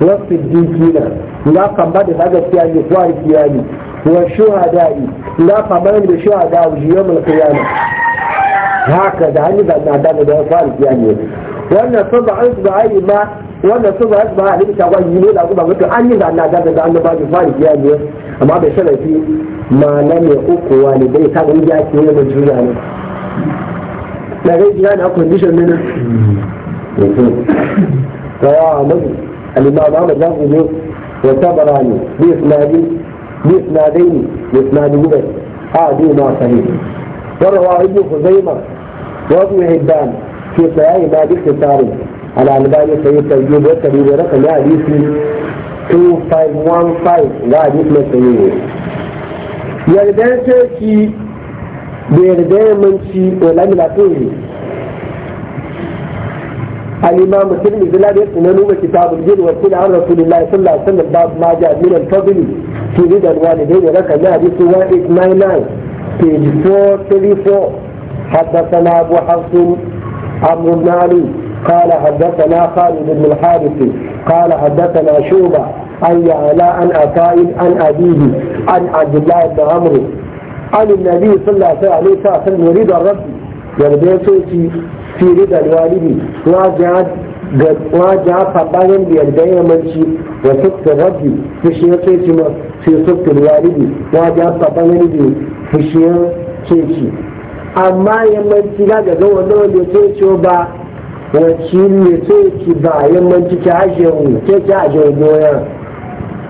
wasu dikina na famba da nagaskiya ke fari kiyami wa shuhada'i na da shuhada wujiyar kiyami haka da hannun da na dama da fari kiyami wannan sun ba an su ba wannan sun ba su ba a limita ba yi ne da kuma mutum an yi da na da annabawa ke fari kiyami amma bai sharafi ma na mai uku wani bai ta gani ya ke yi mai ne لا جايز يعني اقوم بيشن منها فهو عمد اللي ما عمد رغم جوز وصبر عني بإسنادي بإسنادين بإسنادي هو بس قاعد يوم عصرين وروا ابن خزيمة وابن هبان في صياء ما بيخت التاريخ على عمدان سيد تجيب وكبير رقم يا ديسي 2515 لا ديسي مستنيه يعني ده شيء da yarda ya manci wa lamina tori al'imamu tirmi zilar yadda na nuna kitabun jin wa kuna an rasu lillahi sallallahu alaihi wasallam babu ma ja minan fadli ki ri da ruwa ne dai da raka na hadisi 1899 page 434 haddasana abu hafsun amru nari قال حدثنا خالد بن الحارث قال حدثنا شوبة أن يعلى أن أكائد أن أبيه عن عبد الله بن عمرو عن النبي صلى الله عليه وسلم وريد الرب يعني بيسوتي في رضا الوالد واجعل واجع فباين بيدين منشي وسكت الرب في شيء تيتي في سكت الوالد واجع فباين بي في شيء تيتي أما يمنشي لا جدو ولو يسوتي وبا وشين يسوتي با يمنشي كعجل تيتي عجل دويا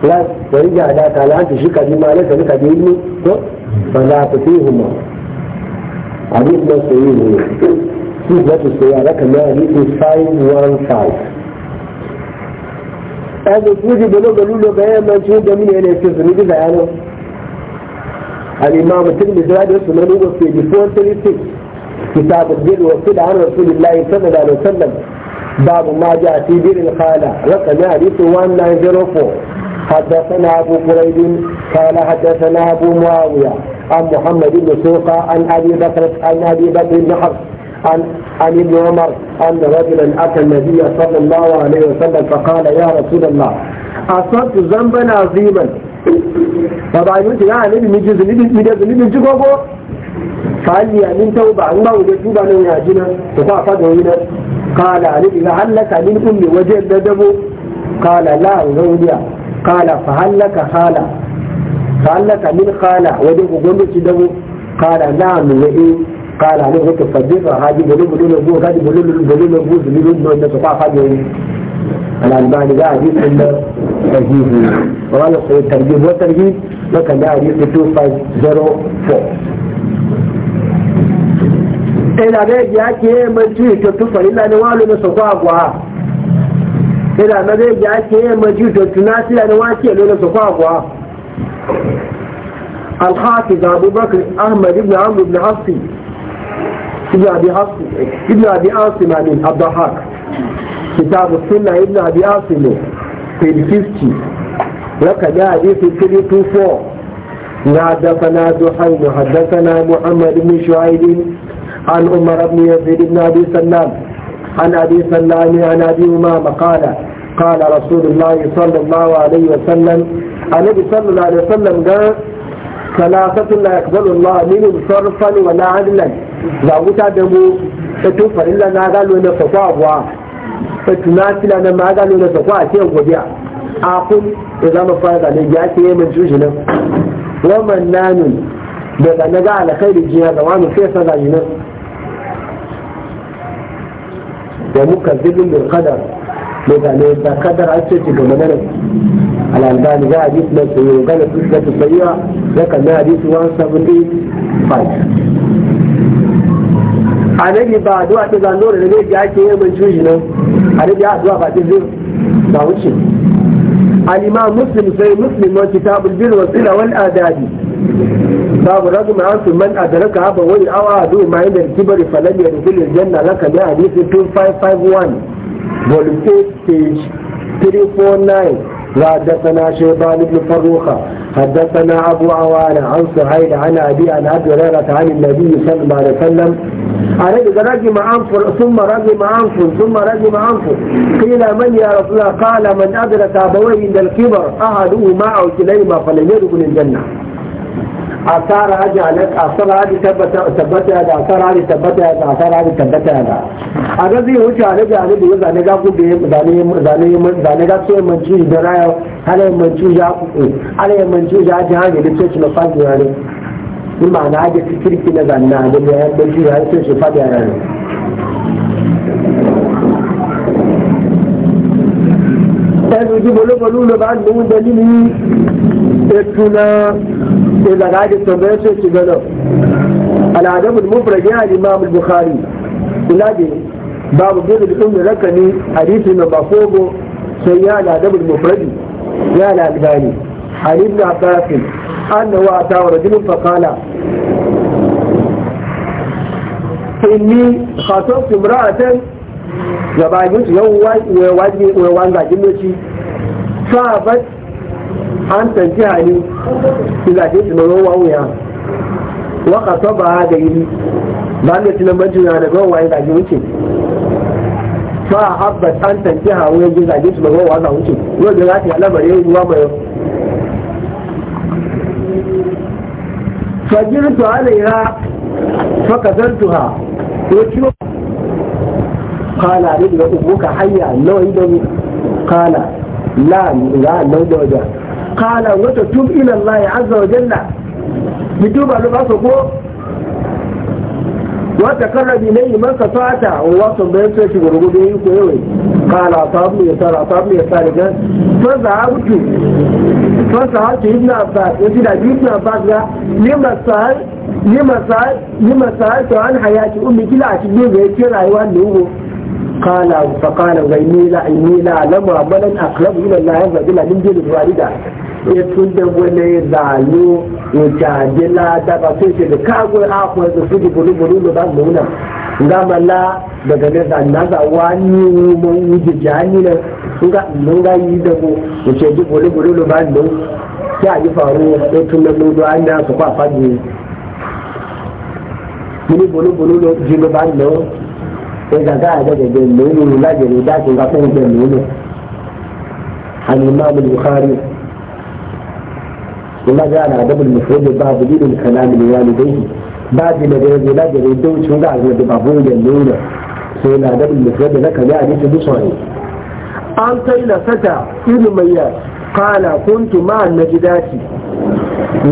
لا ويجع ذاك على أنت شكا بما لك لك إلمي فلا تطيعهما حديث ما سيئه سيئة السيارة كما حديث 515 هذا سيدي بلو بلو لو بيان ما شو جميل يعني يسير نجي بيانه الإمام الترمذي زاد يسمى نوبة في 436 كتاب الدين والصلة عن رسول الله صلى الله عليه وسلم باب ما جاء في بير الخالة رقم 1904 حدثنا أبو قريب قال حدثنا أبو معاوية عن محمد بن سوقة عن أبي بكر عن أبي بكر بن حرب عن عن ابن عمر أن رجلا أتى النبي صلى الله عليه وسلم فقال يا رسول الله أصبت ذنبا عظيما طبعا يقول يا نبي ميجي ذنبي ميجي ذنبي ميجي قال لي أمين توبة عن ما وجدت أنا وياجنا وقع هنا قال نبي لعلك من أمي وجد دبو قال لا غير قال فهل لك خالة فهل لك من خالة ودي قلت له قال نعم وإيه قال عليه هيك فدرها هذه بلوم بلوم بلوم هذه بلوم بلوم بلوم بلوم نبو انت تقع فاجئ الألباني ده حديث الترهيب وقال الترهيب والترهيب لكن ده حديث 2504 ina ina na zai ji ake yin maji to tuna su yana wace lola su kwakwa alhafiz abubakar ahmad ibn amr ibn hafsi ibn abi hafsi ibn abi asim amin abdahak kitab sunna ibn abi asim page 50 raka da hadisi 324 حدثنا زحيم حدثنا محمد بن شعيب عن عمر بن يزيد بن ابي سلام عن أبي سلام عن أبي أمامة قال قال رسول الله صلى الله عليه وسلم النبي صلى الله عليه وسلم قال ثلاثة لا يقبل الله منهم صرفا ولا عدلا زاوتا دمو فتوفى إلا ما قالوا إن صفاء أبوا فتناسل أنا ما قالوا إن صفاء شيء وبيع أقول إذا ما فاز عليه جاتي من جوجنا ومن نان بذا نقع على خير الجهاد وعنه كيف نقع ومكذب بالقدر لذا لذا قدر أشياء كما نعرف الألباني جاء حديث مسير وقال الفكرة السيئة لكن ما حديث 175 عليه بعد وقت ذا نور الذي جاء كي يمن شوجنا عليه بعد وقت ذا ba wuce alima muslim sai muslim wa kitabul bir wa sila wal adabi babu ragma an man adraka haba wa awa do ma inda kibari falan ya dukul janna laka bi hadisi 2551 volume 8 page 349 وحدثنا شيطان بن فروخة حدثنا أبو عوانة عن سهيل عن أبي عن أبي هريرة عن النبي صلى الله عليه وسلم عليه رجم أنفر ثم رجم أنفر ثم رجم أنفر قيل من يا رسول الله قال من أدرك أبويه من الكبر أحدهما أو كليهما فلن يدخل الجنة asara haji alak asara haji tabbata ya da asara haji tabbata ya da asara haji tabbata ya da a ga zai wuce a rage a rage zane ga kuɗe zane ga tsoye manci da rayar halayen manci ya kuɗe halayen manci ya ji hanyar da tsoci na fadi ya ne in ba na haji kirki na zanna da ya manci ya fadi ya ne sai da gadi tambayar sai ci gano al'adabul mufrad ya al-imam al-bukhari ila bi babu gudu da ummi rakani hadisi na bafogo sai ya al'adabul mufrad ya al-albani hadith na abbasin annahu ata wa rajulun faqala inni khatabtu imra'atan gabanin yau wai wai wai wai wai wai wai wai wai wai an tanti hali su zaɓe su nan ruwan wuya waka saba da yi ba da cinan banci na da ruwan waye zaɓe wuce fa habbat an tanci hawa yaji zaɓe su nan ruwan waza wuce yau da za ta yi alamar yau. ruwa mai fajirtu alaiha fakazantuha ko ciwo kala ne daga ubuka hanya nawa idan kala la la nau da wajen qala wa tatub ila Allah azza wa jalla bituba lu baso ko wa takarrab ilayhi man sata'ata wa tabayyin shi gurgudu yi ko yayi qala sabu ya tara sabu ya tara ga fa zahabtu fa sahatu ibn abbas yaji da ibn abbas ga lima sahal lima sahal lima sahal to an hayati ummi kila a cikin ga yake rayuwa ne قال فقال غيني لا إني لا أعلم عملا أقرب إلى الله عز وجل من دين الوالدة ya tun da wani zalo wuce la da ba sai ce da a kuwa da su bulu bulu da mu na daga ne da na za wani mun wuce jani na ga mun ga yi da ku wuce ji bulu bulu da mu ya yi faru ya tun da mu an da su kwa fadi bulu bulu bulu da ji da ban ya da da nuna, ne da da mu ne وما جاء الأدب المفرد باب دين الكلام لوالديه بعد ما جاء لا جاء يدوي شو قاعد ما تبعون جنونه سوى الأدب المفرد لك لا ليس بصري أن قيل فتى ابن مياس قال كنت مع النجدات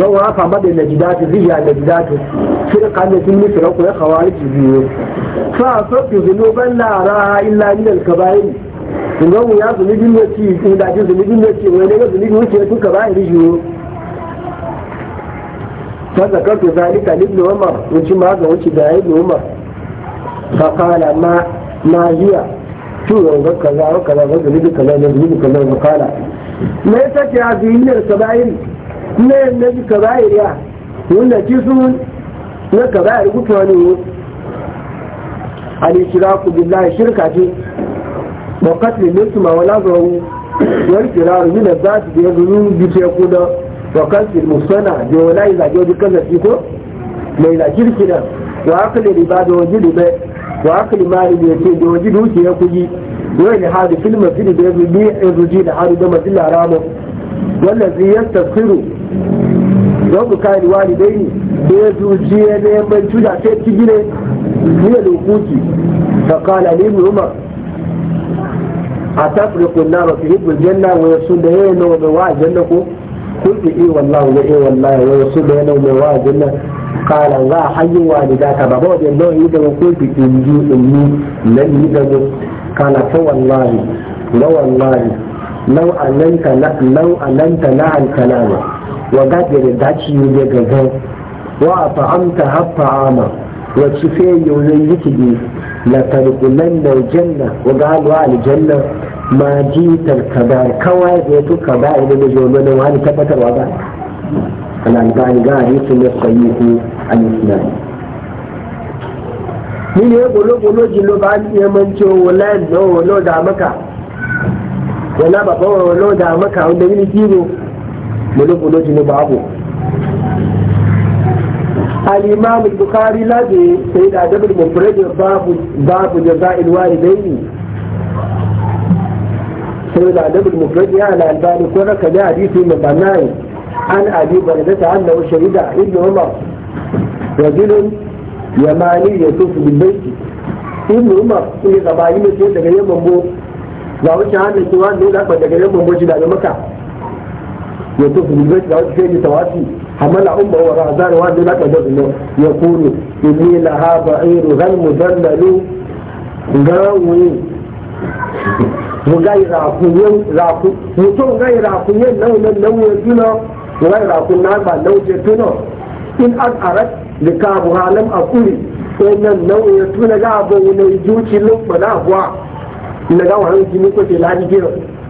لو رفع مدى النجدات رجع النجدات فرقة مثل مصر وقوى خوارج البيوت فأصبت ذنوبا لا أراها إلا من الكبائر إنه يا ذنوب التي إذا جاء ذنوب التي وإنه ذنوب التي تكبائر الجيوت فذكرت ذلك لابن عمر وجمع ماذا وش داعي ابن عمر فقال ما ما هي شو كذا وكذا وكذا كذا وكذا كذا فقال ليست هذه من الكبائر من النبي كبائر يا ولا جسون na كبائر za a rubuta بالله شركة وقتل shirka ce wa katlin nisuma wala zuwa wani wa kasir musana da wala yi zage wajen kazafi ko mai na kirkira wa akali riba da wajen ribe wa akali mari da yake da wajen dukiya kuji ne hadu fil masjid da yanzu ni in ruji da hadu da masjid haramun wannan zai yasta tsiru don ku kari walidai ne da ya zuci ya neman cuta ta ci gine ne lokuti ta mu umar a tafrikun na mafi hibbul janna wa yasun da ya yi nawa da wa janna ko Kullum biyu wallace waɗau na ƴan mayar wasu bai launin wa zina kala. za a hanyar waɗanda ta, babba waje nawa yi da wa kullum biyu biyu na yi da wa ta wallacewa. Na a yi da wa wallacewa, nan ananta daga zai gajiyar, wa fahimta hapama. wasu fe yaunin likidi na tarbunan da janna ko galo aljanna ma ji tarkabar kawai da yato ka ba ilimin da zuwa wani tabbatarwa ba ana albani ga a yake na tsayi ko a nufina ni ne golo golo ji lo ba an iya manco maka wala ba ba wala maka wanda yi ni الإمام البخاري الذي سيد أدب المفرد باب باب جزاء الوالدين سيد أدب المفرد يا البال كنا كذا حديث من بناي عن أبي بردة أنه شهد ابن عمر رجل يماني يسوف بالبيت ابن عمر إلي غبائي من سيد غير ممبو ga wacce hannun suwa ne da daga yamma mace daga maka ya tofu bilbet ga wacce sai tawafi amma na umma wa razan wa da ka da dole ya kuni inni la ha ba'iru zal mu ga ira ku yin ra ku mu to ga ira ku yin nan nan nan wa mu ga ira ku na ba lau je tuno in an arat da ka bu halam akuri sai nan nan wa tuno ga abu ne juci lu ba na kwa ina ga wa hanji ko ke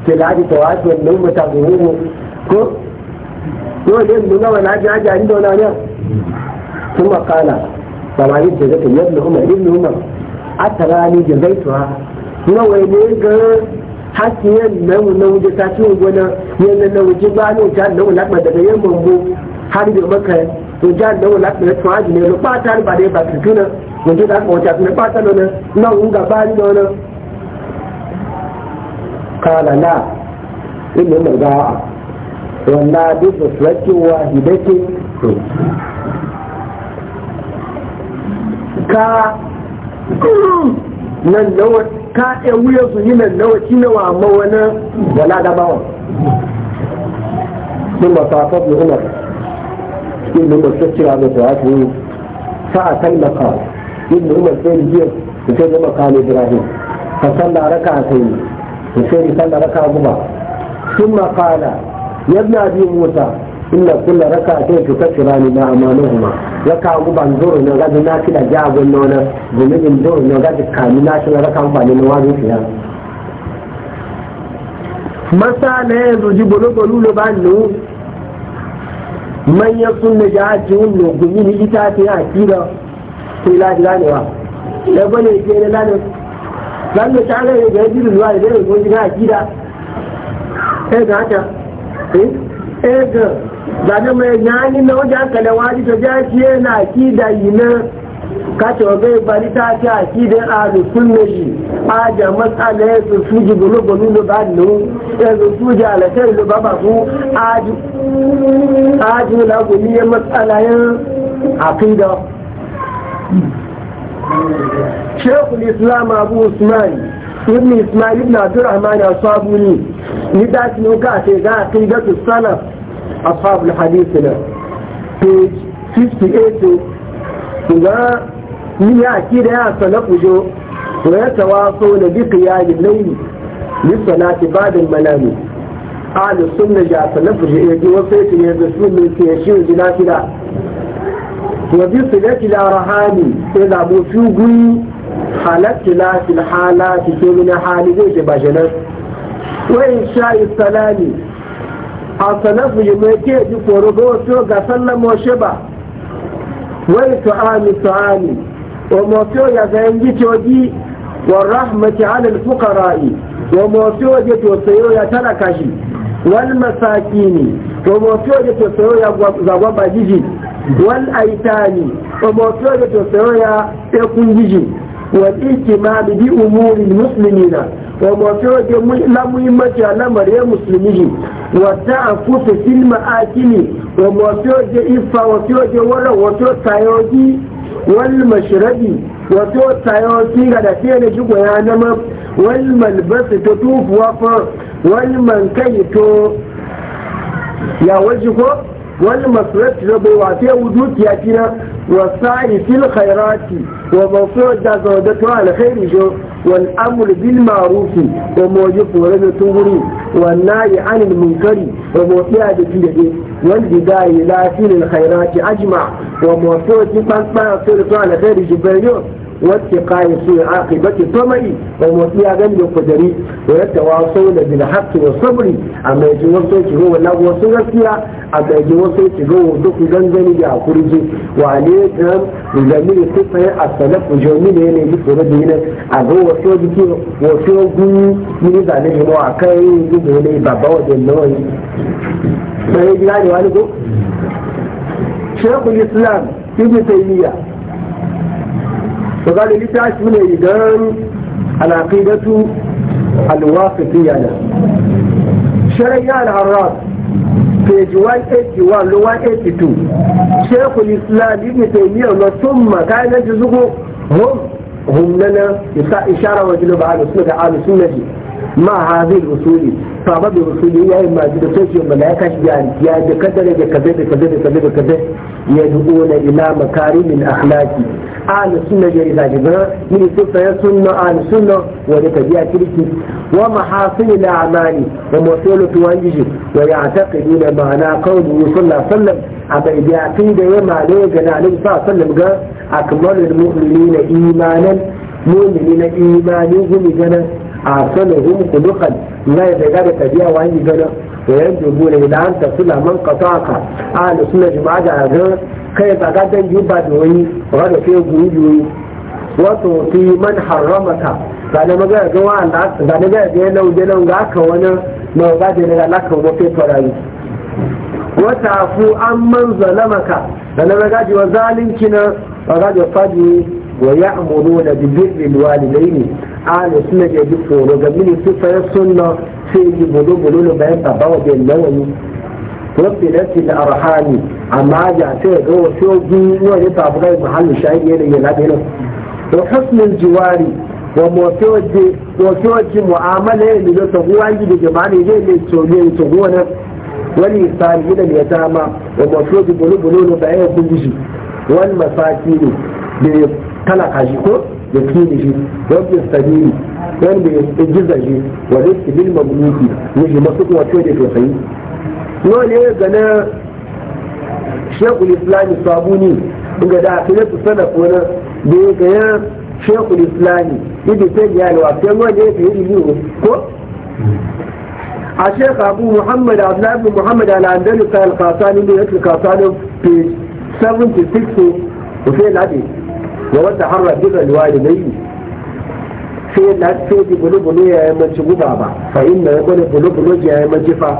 te ladi to wa to nan mu ta go dole ne mu zama lafiya haji a inda wani sun makala samari da zaka yadda umar ibn umar a tarani da zaituwa nawai ne ga hakiyar nan na wuce ta ci gona yana na wuce ba ne ta da wala ba daga yan mambo har da maka to ja da wala da tuwa ne ba ta ba dai ba tutuna yanzu da aka wuce ba ta nan nan unga ba ni nan kala la ibn umar ga'a ولا بفطرة واحدة ka nan nawa ka ɗaya wuya su yi nan nawa shi na amma wani wala da bawa sun ba ta fafi umar cikin ne ba su cira da ta yi fa a kai maka yin umar sai da jiya su kai zama kane ibrahim fa sallah raka a kai su sai da sallah raka guba sun makala yadda bi musa illa kullu raka'atin tukaffirani ma amalahuma raka ku ban zoro na gadi na kida jago nona gumi in zoro na gaji kani na shi raka ba ne na wani fiya masa na ya zoji bolo bolo lo ba nu ya sun da jaji un lo ni ita ta ya kira ko ila wa da bane ke na lanin lanin ta ga ya ji ruwa da ya ji na kira sai ga ta eh ga zane mai yanyi na wajen hankali wani ta jashi yana akida yi na kace wa bai bari ta ce akidan ahlu ya suji bulu bulu ya suji ala kai no ba ba ku la ya akida Sheikhul Islam Abu Usman ibni isma'il ibn abdurrahman ashabu ni ni da ni ga te ga ti ga tu salaf ashabul hadith na page 58 kuma ni ya ki da ya salafu jo to ya tawaso na bi qiyam al-layl li salati ba'd al-manam قال السنة جاء سلف جئي وفيت يا رسول من في يشير بلا كلا وفي صلاة الى رحامي اذا بوفيو halatti lafil halati ke mina hali zai ke ba nan wayin sha'i salami a salafu yi mai ke ji koro ga wato ga sallan moshe ba wai tu'ami tu'ami wa moshe ya ga yanki coji wa rahmati alal fuqara'i wa moshe ya to sayo ya tara kashi wal masakini wa moshe ya to sayo ya zagwaba jiji wal aitani wa moshe ya to sayo ya ekun jiji والاهتمام بأمور المسلمين ومفرد لا مهمة على مريم مسلمين والتعفف في المآكل ومفرد إفا وفرد ولا وفرد تايوجي والمشرب وفرد تايوجي غدا فينا جوا يا نما والملبس تطوف وفر والمنكي تو يا وجهه wani masarar da bai wafe wudu ya kina wa sa'i fil khairati wa mafi da zama da tuwa alkhairi jo wal amur bil marufi wa moji kore da tunguri wa nayi anil munkari wa mafi da fi wal bidayi la fil khairati ajma wa mafi da tuwa alkhairi jo Wasu ke kayan suna ake ba su ta ma'aikawa masu yaran da kujeri. Wai ta wasu suna bin haƙƙin sabuli. Ama aiki wasu suna cigaba wa labu wasu suna siya. Ama aiki wasu suna cigaba wa duka ganzani da haƙuri. Wa alayyatan zan yi tuffa a salafu juna. Mun yana yin kifo A ga wasu yanzu ke wasu yabu yin daɗi kuma wa kai yin gudu ne babba wajen nawa yanzu. Na yi biya ne wa ni Islam yaki ta to littafi ne idan alaƙidatu alwasitiyya ne shari'a al-harras page 181 lo 182 shekul islam ibn taymiyyah na summa kai na jizugo hum hum lana ishara wa ba ahlus sunna ahlus ma hadhihi al-usuli fa ba bi usuli ya ma da sai malaika shi ya ya da kadare da kaza da da da makarimin akhlaqi ahlu sunna jari zaji ba mini sufa ya sunna ahlu sunna wa da tabiya kirki wa mahasin la amali wa masulu tuwanjiji wa ya'taqiduna ma'ana qawluhu sallallahu alaihi wasallam abai bi aqida ya male ga nabi sallallahu alaihi wasallam ga akmalul mu'minina imanan mu'minina imanin gumi gana a sanahum khuluqan la ya wani yayin dubu ne da an tafi na man kasaka a da suna jima da ga kai ba ga dan yi ba da wani ba da sai guri guri wato fi man haramata ga da maza ga wa Allah ga da ga ya lau da ga ka wani ma ga da ga Allah ka wofe farayi wata ku an man zalamaka da na ga wa zalinki na ga da faji wa ya'muruna bi bi'l walidaini ahlu suna da yi tsoro ga mini su fa sunna sai ji bulu bulu bayan baba wa bayan lawani rabbi lati da arhani amma ja sai ga wasu ji wani babu kai mahallu shayi ne da yana bayan wa jiwari wa wasu waje mu'amala ya lura ta huwa yi da jama'a ne zai ne tsoro ta huwa na wani isari gidan ya dama wa bulu bulu wani masaki da talaka ko da ke da shi shi wa rizki bil mamluki shi masu kuma da sosai wani ya gana shekul islami sabuni ga da afilatu sanaf wani da gaya shekul islami ibi sai ya alwa sai wani ya fi ilimi ko a shek abu muhammad al al 76 ko sai wa wata harra bi alwalidayni sai da sai ji bulu bulu ya yi mace guba ba fa inna ya bulu bulu ya yi mace fa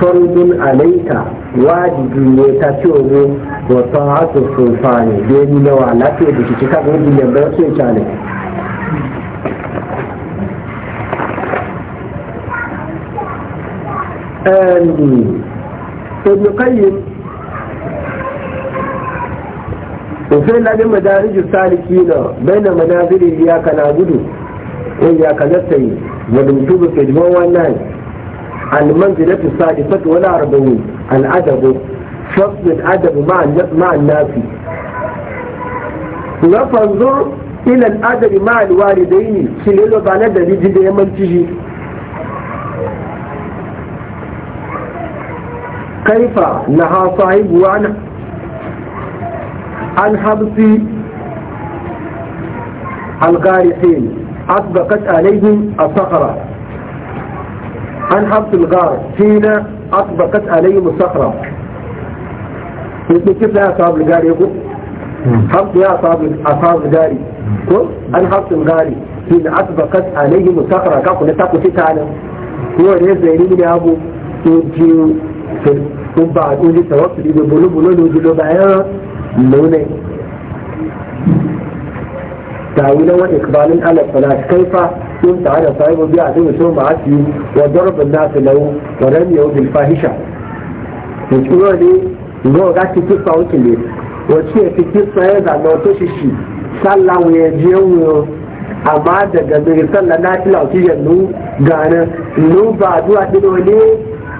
fardun alaika wajibi ne ta ce ne wa sun sulfani da yi nawa wa lafiya da kike ka gudu ne ba sai ta ne ibn qayyim in fi lalle madarijin na bai na manazirin ya ka na gudu eh, in ya ka zarta yi wadatu ba ke jima wannan alman zai lafi sa'i fata wani arzini adabu ma'an nafi na fanzo ilan adabi ma'an wari da yi shi ne lo bane da rijiyar da ya manci shi kaifa na hafa haihuwa عن حبس الغارقين أطبقت عليهم الصخرة عن حبس الغار حين أطبقت عليهم الصخرة كيف لا أصحاب الغاري يقول حبس يا أصحاب الغاري عن حبس الغاري حين أطبقت عليهم الصخرة كيف نتاكو تتعلم هو ريزيني من أبو تجيو في الأمبعد ولي توصل إلى بلو بلو بلو بلو بلو nune ta yi na wani kubalin alaƙa na kai fa sun ta hada sahibu biya a cikin sun ma'a ciyu wa zarafin na su wa rami yau bin fahisha da kuma ne ga wa gaske kifa ne wa ci ya fi kifa ya zama sallah wa ya je wu amma daga mai sallah na ci lafiyar nu gane nu ba zuwa ɗin wani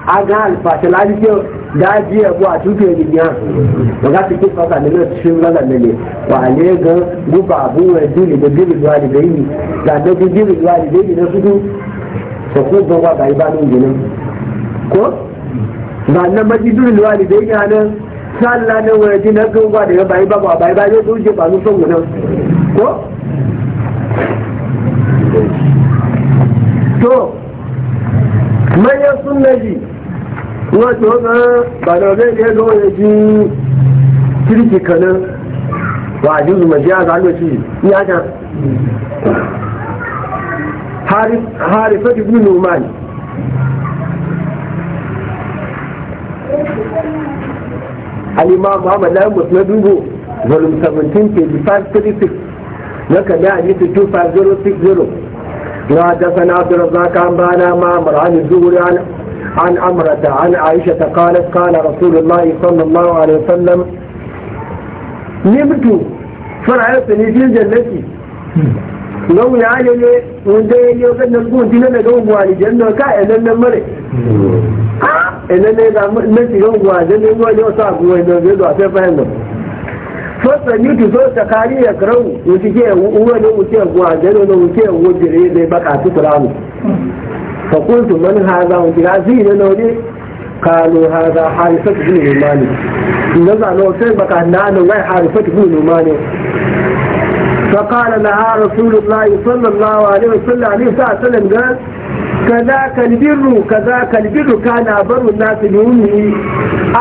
aga alfashe lalice daji yabo a tuke gidiya ba za su ke fasa da nan shi lala ne ne ba ne ga guba abuwa dili da dili zuwa da gaini da na dili zuwa da gaini na su su ko gaba ga ibanin ginin ko ba na maji dili zuwa da gaini a nan sallah na waje na gaba da bai ba ba bai ba zai duje ba su son nan ko to manyan sunnaji wọ́n tí wọ́n máa ya ọ̀rẹ́ ìgbẹ́ lọ́wọ́ yẹn jí kíríkì kan náà wà á dúró mọ̀jẹ́ àgbàlóṣì ní àjà hari fẹ́tì bí nù máa alima muhammad lai musulmi dubu volume 17 page 536 na kada a jisi 25060 na dasa na abdurrazzaka bana ma mar'ani zuhuri ana عن أمرة عن عائشة قالت قال رسول الله صلى الله عليه وسلم نمت فرعت في الجنة لو يعني wanda ya yi wajen nan gun dinan daga unguwani janna ka enan nan mare enan ne ga nan shiga unguwani janna unguwa ne wasu abuwa ne zai zuwa sai fahimta fasa tu so ta kari ya karau wuce ke uwa ne wuce unguwa janna ne wuce unguwa jire zai baka su turamu فقلت من هذا وبهذه نوري قالوا هذا حارثة بن نعمان نزع نوفين بقى أنه غير حارثة بن نعمان فقال لها رسول الله صلى الله عليه وسلم عليه الصلاة والسلام قال كذاك البر كذاك البر كان أبر الناس بأمه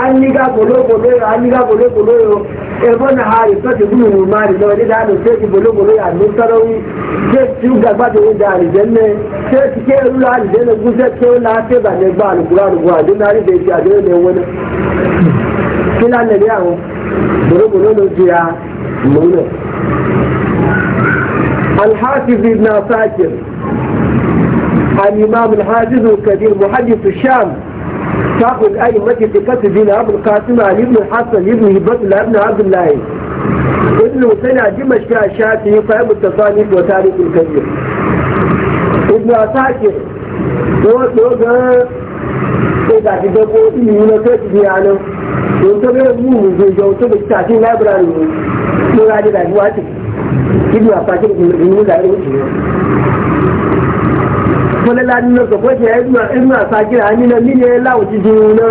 أني قابلوا قلوا أني قابلوا قلوا ebo na ha yi sọ́tì fún ìwò máa nìkan ní dáàbò séèkì bolóbolo yà ló sọ́rọ́ wí séèkì gbàgbàdo ń da àlùjẹ́ mẹ́ séèkì ké ewu la àlùjẹ́ mẹ́ gún séèkì ké la ké bà ní gbà àlùkò àlùkò àdó náà rí bèèkì àdó ní ẹwọ́ náà. kí lá nàlẹ́ àwọn bolóbolo ló di ya mọ́ náà. الحافظ ابن عساكر الإمام الحافظ الكبير محدث الشام كعب الأئمة ثقة بن أبو القاسم علي بن الحسن ابن هبة ابن عبد الله ابن سنة دمشق الشافعي فهم التصانيف وتاريخ الكبير ابن عساكر وقال إذا في دقوة إلينا تجدي عنه وانتبه المؤمن زوجة وانتبه التعشين لابرانه مرادي بعد ابن عساكر ابن عساكر falala nínú sọ̀kọ́ ṣe ibnu asakir amina nílé láwùjí ju iná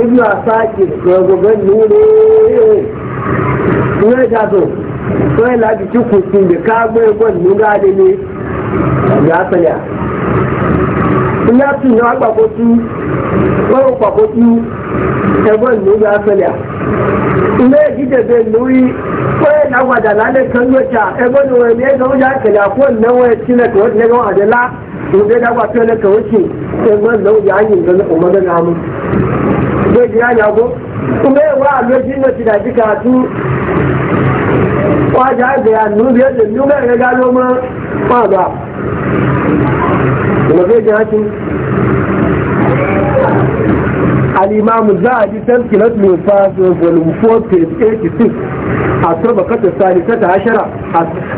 ibnu asakir gbọ̀ngàn lóore ìwé ìdàtọ̀ wọ́n yẹn láti tí kò sí ìdè káàgbé ẹgbẹ́ ìlú gáàdé ní ìyá sẹ́yà ilé àti ìyá àgbàkótú wọ́n yóò pàkótú ẹgbẹ́ ìlú ìyá sẹ́yà ilé ìdíjẹ̀dẹ̀ lórí wọ́n na lágbàdà lálẹ́ kan lọ́jà ẹgbẹ́ ìlú ẹ̀mí ẹgbẹ́ ko kẹlẹ̀ àpò ìnáwó ẹtí lẹ́kọ̀ọ́ ìlẹ́gbẹ́ àdẹ́lá in dai da ba ta ne ka wuce sai man da wuce hanyar da na umarar namu zai ji ya ko kuma yi wa alwaji na tida ji katu kwaja da ya nuna yadda nuna ya gano ma ma ba kuma zai ji hakin الإمام الزاهد volume 4 page 86 A ta sali ta ta ashara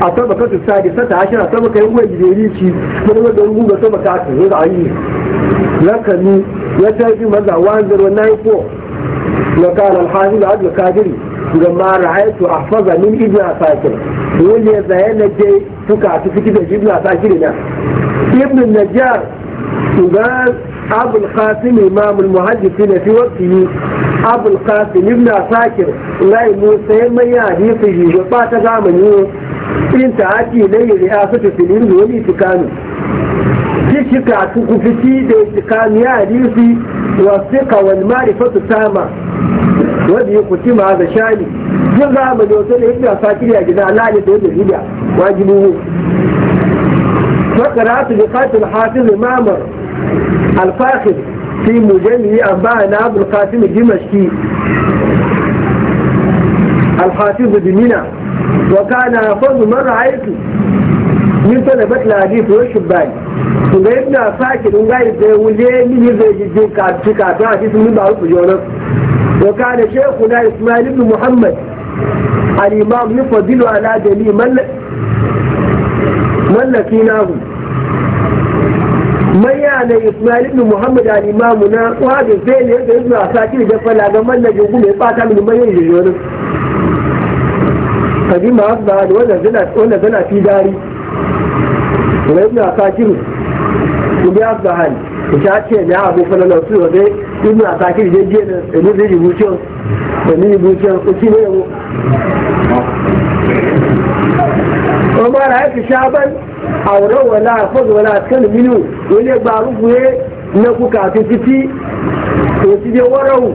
asabaka ta sali ta ta ashara asabaka yin kuwa jireri ci wani wanda rubu ga sama ta ake zuwa ayi lakani ya tafi maza 1094 na kan alhaji da kadiri ga mara haitu a faza min ibina sakin wani ya zaye na ke fuka a cikin ibina sakin ya ibina jihar أبو القاسم إمام المحدثين في وقته أبو القاسم ابن عساكر لا موسى من يهدي في جيجوبا تزامنه انت عاتي إليه رئاسة في الهند والإتكان كيشكا تكفتي بإتكان يا حديثي والثقة والمعرفة السامة wanda يقتم هذا شاني ga shani يوصل za ساكر يا da لا يدون الهدى gida فقرات لقاة الحافظ yadda الفاخر في مجله أنباءنا أبو القاسم الدمشقي الحافظ بمنى وكان يفضل من رأيته من طلبة الحديث والشبان kuma ibn asakir in gari zai wuje mini zai jije kafi kafi a cikin riba rufu jonas wa kana shekhu na ismail ibn muhammad al-imam ni fadilu ala jali mallaki nahu mai كان إسماعيل بن محمد الإمامنا يعني وهذا الفعل يدعو ابن عساكر جفل على من يقوم يقاطع من من يجيون قديم أصبح ونزلت ونزل في داري وابن عساكر وبي أصبح وشاكي يا أبو فلان رسول الله ابن عساكر جيجينا ابن ريجي بوشون ابن بوشون وشي وما رأيك شعبا àwòrán wọ̀lá àfọ́gbọ̀lá àtẹ́lù mínú ilé gba arúgbó nẹ́kùkà àti títí òtíjẹ wọ́rọ̀wù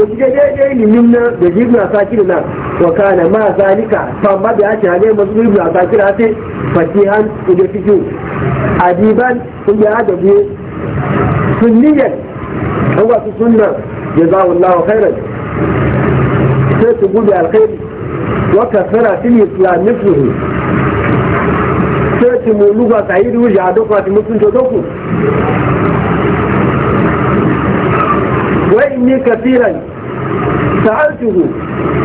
òtíjẹ déédéé ìlú nínú bèjì ibùn àsákìrì náà wọ̀ká nà máa da pàmbá bí a ṣàlẹ́ mọ́tò ibùn àsákìrì àti fatihan ìdè fíjù àdìbán ìgbà àdàbí sunniyan ọgbà tuntun náà jazawullahu khairan sai su gudu alkhairi wa kasara fil ti mo lúgbà tàyí rí ìyá àdókò àti mo tún dókù wọ́n ní kàfíran sa'artuhu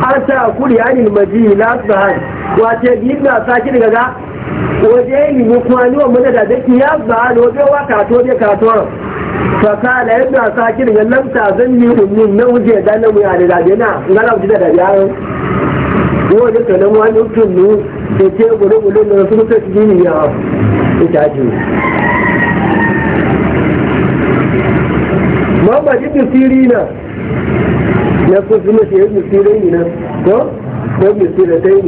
an sa kuri anil maji la subhan wace bi na saki daga ga waje ni mu kuma ni wannan da dake ya subhan waje wa ka to je ka to fa kala ibn saki daga lam ta zanni ummin na waje da mu ya da na ngala da da wọ́n ní tẹ̀lé wọn ní tún ní ètí ẹgbẹ̀lẹ́gbẹ̀lẹ́ lọ sí lókè sí ní ìyá ìtajú. Muhammad ibn Sirina na ko suna shi ibn Sirina na ko ibn Sirina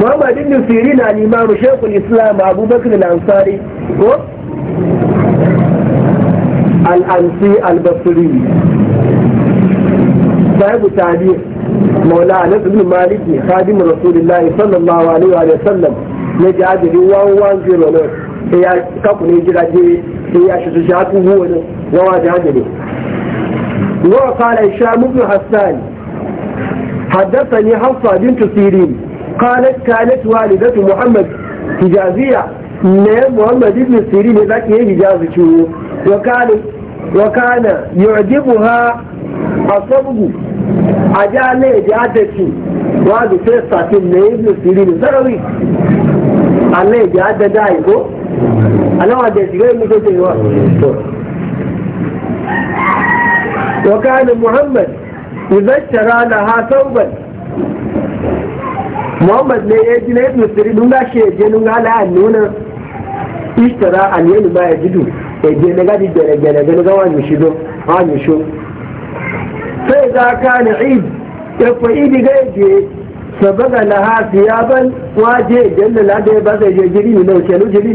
Muhammad ibn Sirina al-Imam Sheikh al-Islam Abu Bakr al-Ansari ko al-Ansi al-Basri صاحب التعبير مولى أنس بن مالك خادم رسول الله صلى الله عليه وسلم نجي أجري وان وان زيرو نو هي كابو نجي أجري هي أشتو شاكو هو نو وواجه أجري وقال هشام بن حسان حدثني حفصة بنت سيرين قالت كانت والدة محمد حجازية نعم محمد بن سيرين ذاك هي حجازي شو وكان وكان يعجبها الصبغ ajá léèdì àdẹ̀tì wọ́n á lè fẹ́ sàtì lẹ́yìn òsìrí ní sọ́rọ́wì àléèdì àdẹ̀dà àìkó aláwọ̀ àdẹ̀tì lẹ́yìn mi tó ṣe wọ́n. وكان محمد إذا اشترى لها ثوبا محمد ne ya ji na yi sirri dun ga shi je nun ga nuna ishtara al yanu ma yajidu ya je na gadi da gane gane ga wani shido wani shido فإذا كان عيد يقول عيد غير sabaga laha siyaban waje jalla la da ba zai je ne nau waje da da shi'i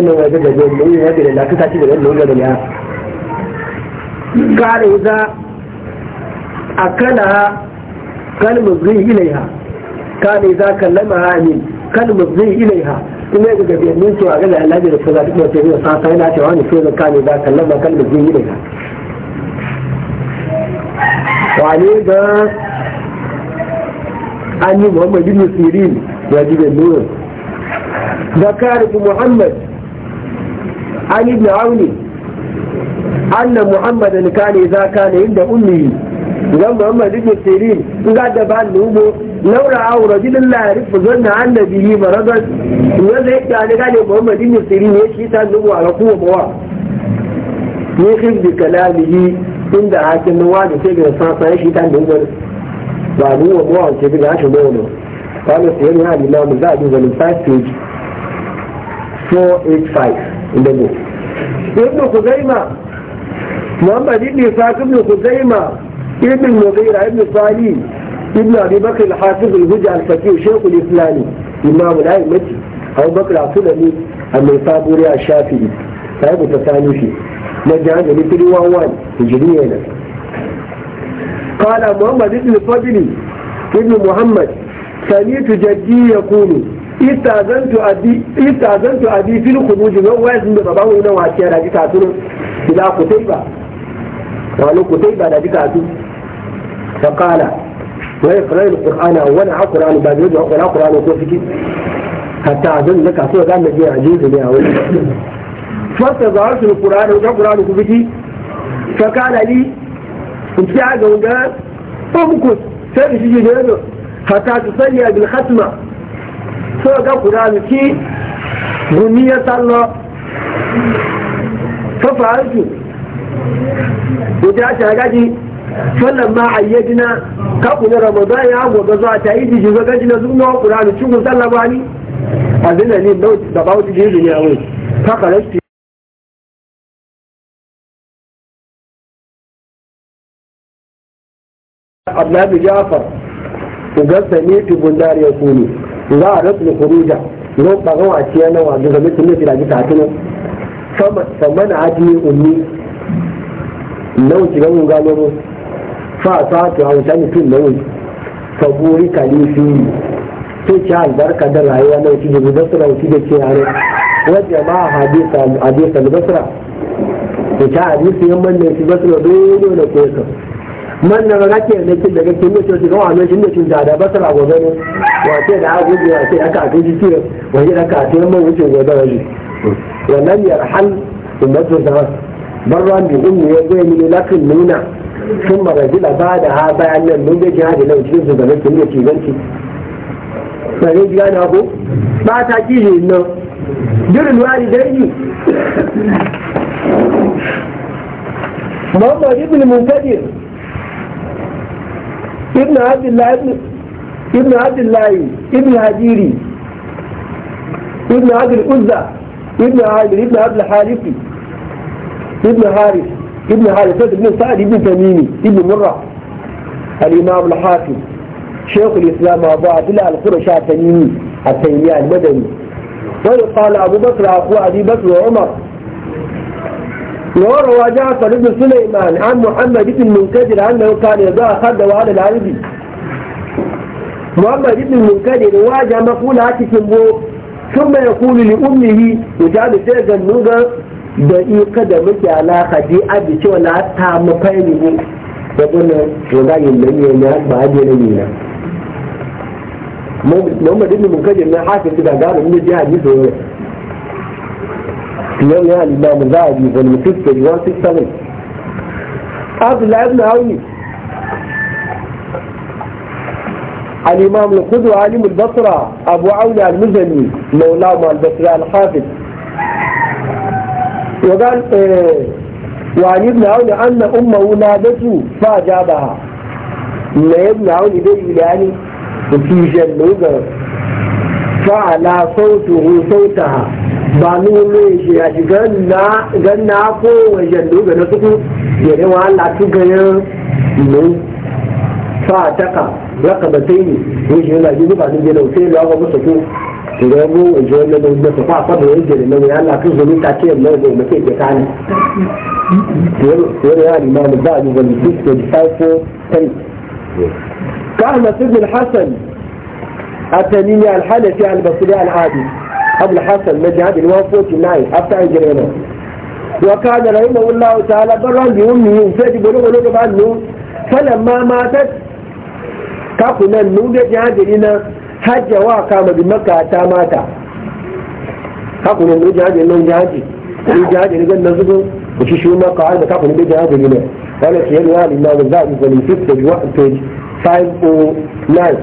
ne waje da laka ta ci da lalla da ya kare za akala kalmu zai ilaiha kare ha kuma yadda gabe mun cewa ga da Allah da su za su iya tafiya sa sai na cewa ne so da kane da kallon ba kallon jini daga wani ga an yi muhammad bin sirin ya ji da nuna zakar muhammad an ibn auni anna muhammadan kane za kane inda ummi ga Muhammad ibn Sirin ga da ba nubo laura aw rajulullah yarifu zanna annabihi maradan wanda yake ne ga Muhammad ibn Sirin ya shi ta nubo a kuwa bawa ne kin bi kalamihi inda hakin wa da sai ga sasa shi ta nubo ba nubo bawa ce ga shi bawa قال سيدنا هذا الإمام الزاد هو من 5 page 485 in the book ابن خزيمة محمد بن إسحاق ابن ابن المغيرة ابن صالين ابن أبي بكر الحافظ الهجع الفقيه شيخ الإسلامي إمام الأئمة أبو بكر السلمي النيسابوري الشافعي صاحب التصانيفي نجا عندي 311 هجرية قال محمد ابن الفضل ابن محمد سمعت جدي يقول استأذنت أبي استأذنت أبي في الخروج من من بابا وين واشيرا دي كاتو إلى قتيبة قالوا قتيبة دي كاتو فقال ويقرأ القرآن ولا قرآن بعد يجي ولا قرآن وكوفك حتى أظن لك أصوى قال نجي عجيز لي أولي فاستظهرت القرآن وجاء قرآن وكوفك فقال لي كنت في حاجة وقال أمكس سألت شيء جيده حتى تصلي بالختمة سوى قال قرآن كي غنية الله ففعلت وجاءت حاجة sannan ma ayyadina ka kuna ramadan ya hagu ga zuwa ta yi jiji ga gaji na wa kuranu cikin sallama ni a zina ne da bauti jirgin yawon ta karasti abdullahi jafar ne fi bundar ya kuni za a rasu kuruja no bagan a ciyar na wanda zama cikin mafi da ji ta tuno sama na ajiye ummi na wuce ganin gano فأصابت عوشان في الموت فبورك لي فيه تشع البركة در هي أنا وشي جبو بصرة وشي جبو شعر وجماعة حديث حديث البصرة تشع حديث يوم من يشي بصرة دون ولا كويسة من نغاكي لكن لكن كمية شوشي قوة عمل شنة شنة على بصرة وغنو وأتي العاب يجي وأتي أكا كيجي سير وهي أكا تيمم وشي وغنو ولم يرحل أمته زمان برا بأمه يقول من لكن منا ثم رجل بعدها بعد ان من جهاد لو جلس بنت التي بنتي فهمت يا ابو ما تاكيه انه دير الوالد ايجي ماما ابن المنتدر ابن عبد الله ابن ابن عبد الله ابن هديري ابن عبد الأزة ابن عامر ابن عبد الحارثي ابن حارث ابن حارثة بن سعد بن تميمي ابن مرة الإمام الحاكم شيخ الإسلام أبو عبد الله القرشا التميمي التيمي المدني قال أبو بكر أخو أبي بكر وعمر وروى جعفر بن سليمان عن محمد بن المنكدر أنه كان يضع خده على العربي محمد بن المنكدر واجه مقولة ثم يقول لأمه وجعل سيدا نوغا da ika da muke alaka di abi cewa na ta mu fayni ne da gona wanda yin nan ne na ba ne ne na Muhammad ibn Mukaddin na hafiz da gano ne ji hadisi ne yau ya al-Imam Zahabi wal Mufassir 167 Abdullah ibn Awni الإمام القدوة عالم البصرة أبو عون المزني مولاهم البصري الحافظ وقال وعن ابن عون أن أمه نادته فأجابها إن ابن عون بي يعني وفي جنة فعلى صوته صوتها بانو ليش يا جنا جنا كو وجنة نسكو يعني وعلى تجنا نو فأتقى رقبتين وجهنا جنوب عن الجنة وسيل وهو مسكو شرابه الجوال لما يستطاع صبر يجري لما يقال لك تظهر انت كده لو زي ما كده تعالى يقول يا الامام البعد والفيسك والفايفو كان ابن الحسن التميمي الحنفي يعني البصري العادي ابو الحسن مجهد الوافوت الناي افتح الجريمه وكان رحمه الله تعالى برا بامه وفاد بلغه لغه عنه فلما ماتت كاكو نان نوجه جهاد hajja wa kama bi maka ta mata haku ne ne jihadi ne jihadi ne jihadi ne ganna zugo ku shi shi maka ai da kafu ne jihadi ne wala shi yana ni ma da zai ko ni fit page 1 page 509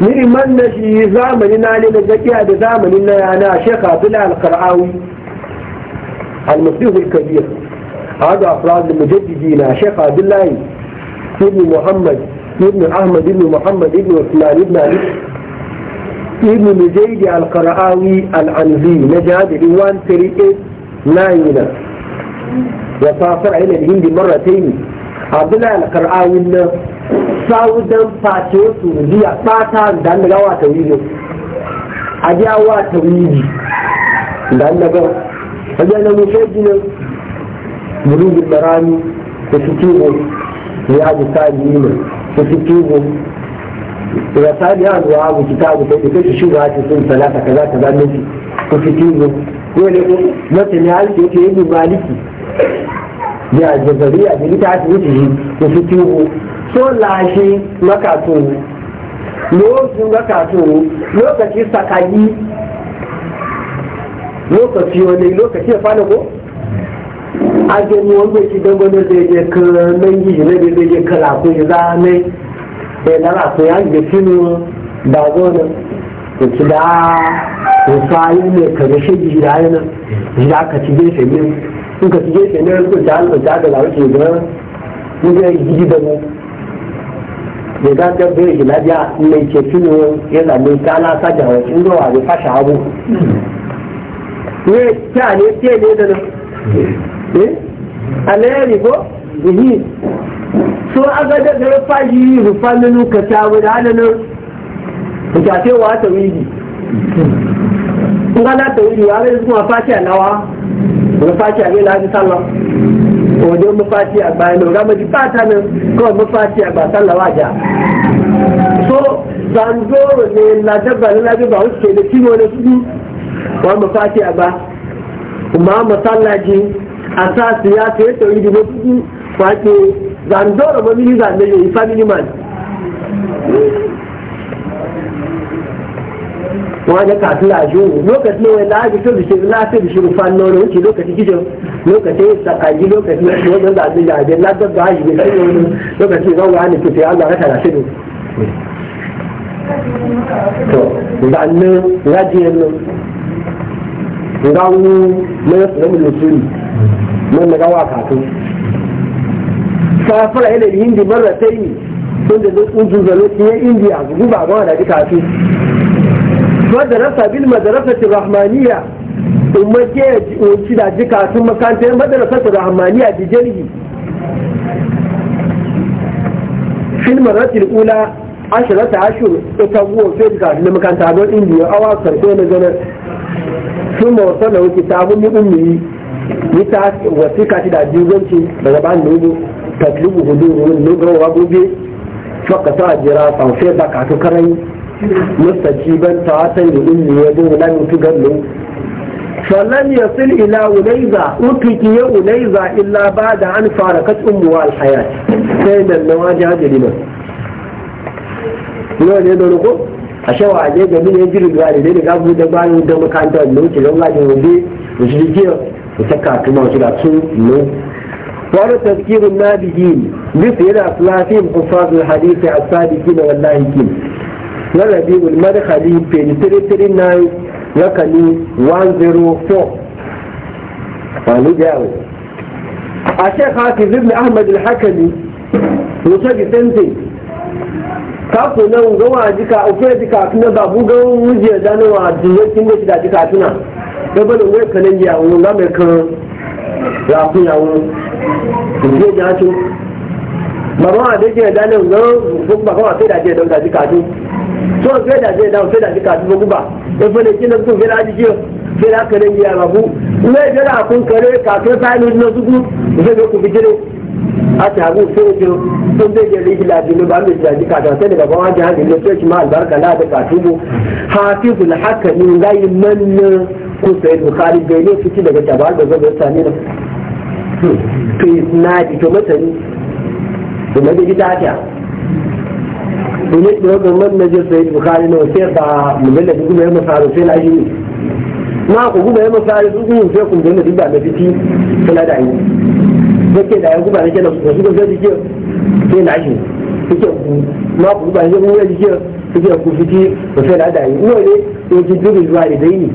Miri man na shi zamani na ne da zakiya da zamanin na yana Sheikh Abdullah Al-Qara'awi al-Masih al-Kabir هذا أفراد المجددين شيخ عبد الله ابن محمد ابن أحمد ابن محمد ابن عثمان ابن علي ابن مجيد القرآوي العنزي نجاد الوان تريئت ناينا وسافر إلى الهند مرتين عبد الله القرآوي ساودا فاتيو سوريا فاتا دان لغوا تويجو أجاوا تويجي دان لغوا أجانا مشاجنا بلوغ المرامي وسكيبه miyaji tsari yi ne su fi tubo da tsari ya zuwa abu ki ta abuka ita shi shiga ake sun talata kaza kaza nufi ku fi tubo ko ne ko mace ne halitta yake yi maliki ya jazari a jini ta ake wuce shi ku fi tubo so lashe makatun lokacin makatun lokaci sakayi lokaci wani lokaci ya fana ko 俺家牛哥去到我们这些克门吉去那边这些克拉布去啥呢？在那个沈阳去寻我，把我那个那啥，那啥子呢？克那手机去啥呢？伊拉克直接寻我，我克直接寻那个老家老家的老几个，那个伊的呢？你看在北吉那家没去寻我，给那们干了大家工作啊就发小物，因为家里借来的呢。Eh? alayari ko yi so aga da ga fa yi rufa nanu ka ta wuda halanin ka ce wa ta wili nga la ta wili wa ga zuwa fati alawa wa fati abi la ji sallah o de mu fati agba no ga mu di pata nan ko mu fati agba sallah wa ja so zandoro ne la da ba la da ba o ke da kimo ne su wa mu fati agba kuma masallaji a sa su ya sai tauri da mafi kwace zandora ba mini zande ya yi family man wani kafin a jiwo lokacin ne wani lafi to bishiru lafi bishiru fanno da wuce lokacin gijo lokacin sakaji lokacin da wajen zaɓe da abin lafi da haji da wani lokacin zan wani tuta ya zara tara shi to zanne rajiyar nan gawo na yasu na من نقوى كاتو سافر إلى الهند مرتين sun da zai tsuntsun zalo ya indiya guba ma da duka su madarasa bil madarasati rahmaniya umma ke unci da duka sun makarantar ta rahmaniya da jirgi fil maratil ula ashirata ashur ita guwa fil ga na makaranta don indiya awa karfe na ganar sun mawasa da wuce ta abun yi wata wasu kati da jirgonci da gabanin nugu tatlubu hudu ruwan nugu wa gobe faka sa jira fanfe da kasu karai mustaci ban ta san yi ilmi ya bin wula mutu gallo sallan ya sil ila ulaiza utiki ya ulaiza illa ba da an fara katsun muwa alhaya sai da nawa jajiri ba yau ne da ruko a shawa a je gami ne jirgin gari ne da gabu da bayan da makantar lokacin gajin wanda da shirikiyar وسكعت ما وجد عطسون نو وعلى تذكير النابيين مثل إلى أصلافهم حفاظ الحديث الصادقين واللاهكين والذي المدخلي في 339 رقمي 104 قالوا جاوي الشيخ حافظ ابن أحمد الحكمي وصدي سنتين kafin nan gawa jika a jika tuna babu bugan wujiyar danowa a kin da shi da jika tuna ẹgbẹ́ ló wé kẹlẹ́ yẹ àwọn lámẹ̀kan rà fún yàwọn òbí da á tó bàbá wa àdéjẹ́ náà ńlọ bàbá wa fẹ́ẹ́ ẹ̀dá ọ̀gá da kàdú tó o fẹ́ẹ́ ẹ̀dá ọ̀fẹ́ẹ́ dàjẹ́ kàdú gbogbo bà efe lè jìnnà tó fẹ́ẹ́ láti jẹ́ fẹ́ẹ́ kẹlẹ́ yẹ àbàbú ilé ìjọ náà kún kẹlẹ́ kàkẹ́ fáìlì ní ọdún ìfẹ́ mi kò fi jẹ́rẹ́ àti àbí òfin jẹ́ tó ń bẹ̀jẹ̀ ba yìlá àbí lóba àmì ìjìnlẹ̀ kàdà sẹ́ni bàbá wa jẹ́ àbí lọ́sẹ̀ ìṣúná àlùbáríkà láàbẹ̀ kàtúbù hafizu làákà ní ngáyé manna. ko sai bukari bai ne ci daga taba da zaba sani na to na ji to masani da mai gida tafiya. to ne da wannan na je sai bukari na sai ba mujalla da mai masaru sai ne. ma ku guba ya masaru duk sai kun da na fiti suna da yi yake da ya guba nake da su zai ji sai na laji ne. Na ku guba ya mu ya ji suke ku fiti ba sai da dai uwa ne ko ji dubi zuwa da dai ne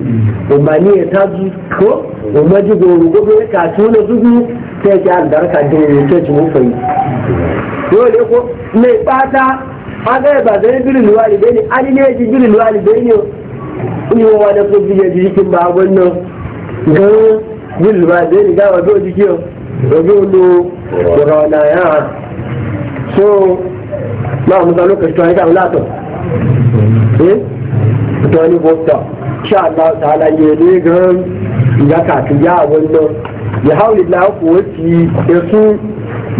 umma ne ya taji ko umma ji goro gobe ka tuna zubi sai ki albarka da ne ke ci mu dole ko mai bata aga ba zai dubi zuwa da dai ne ani ne ji dubi zuwa da dai ne ni wa da ko bi ji kin ba wannan ga dubi zuwa da dai ga wa do ji kiyo ojú lu ìrọ̀nà yàrá so máa mú sọ lókè tó ẹgbẹ́ àwọn látọ̀. eh to ni bota sha Allah ta'ala ye ne gan ya ka ti ya wonno ya hawli la ko ti yasu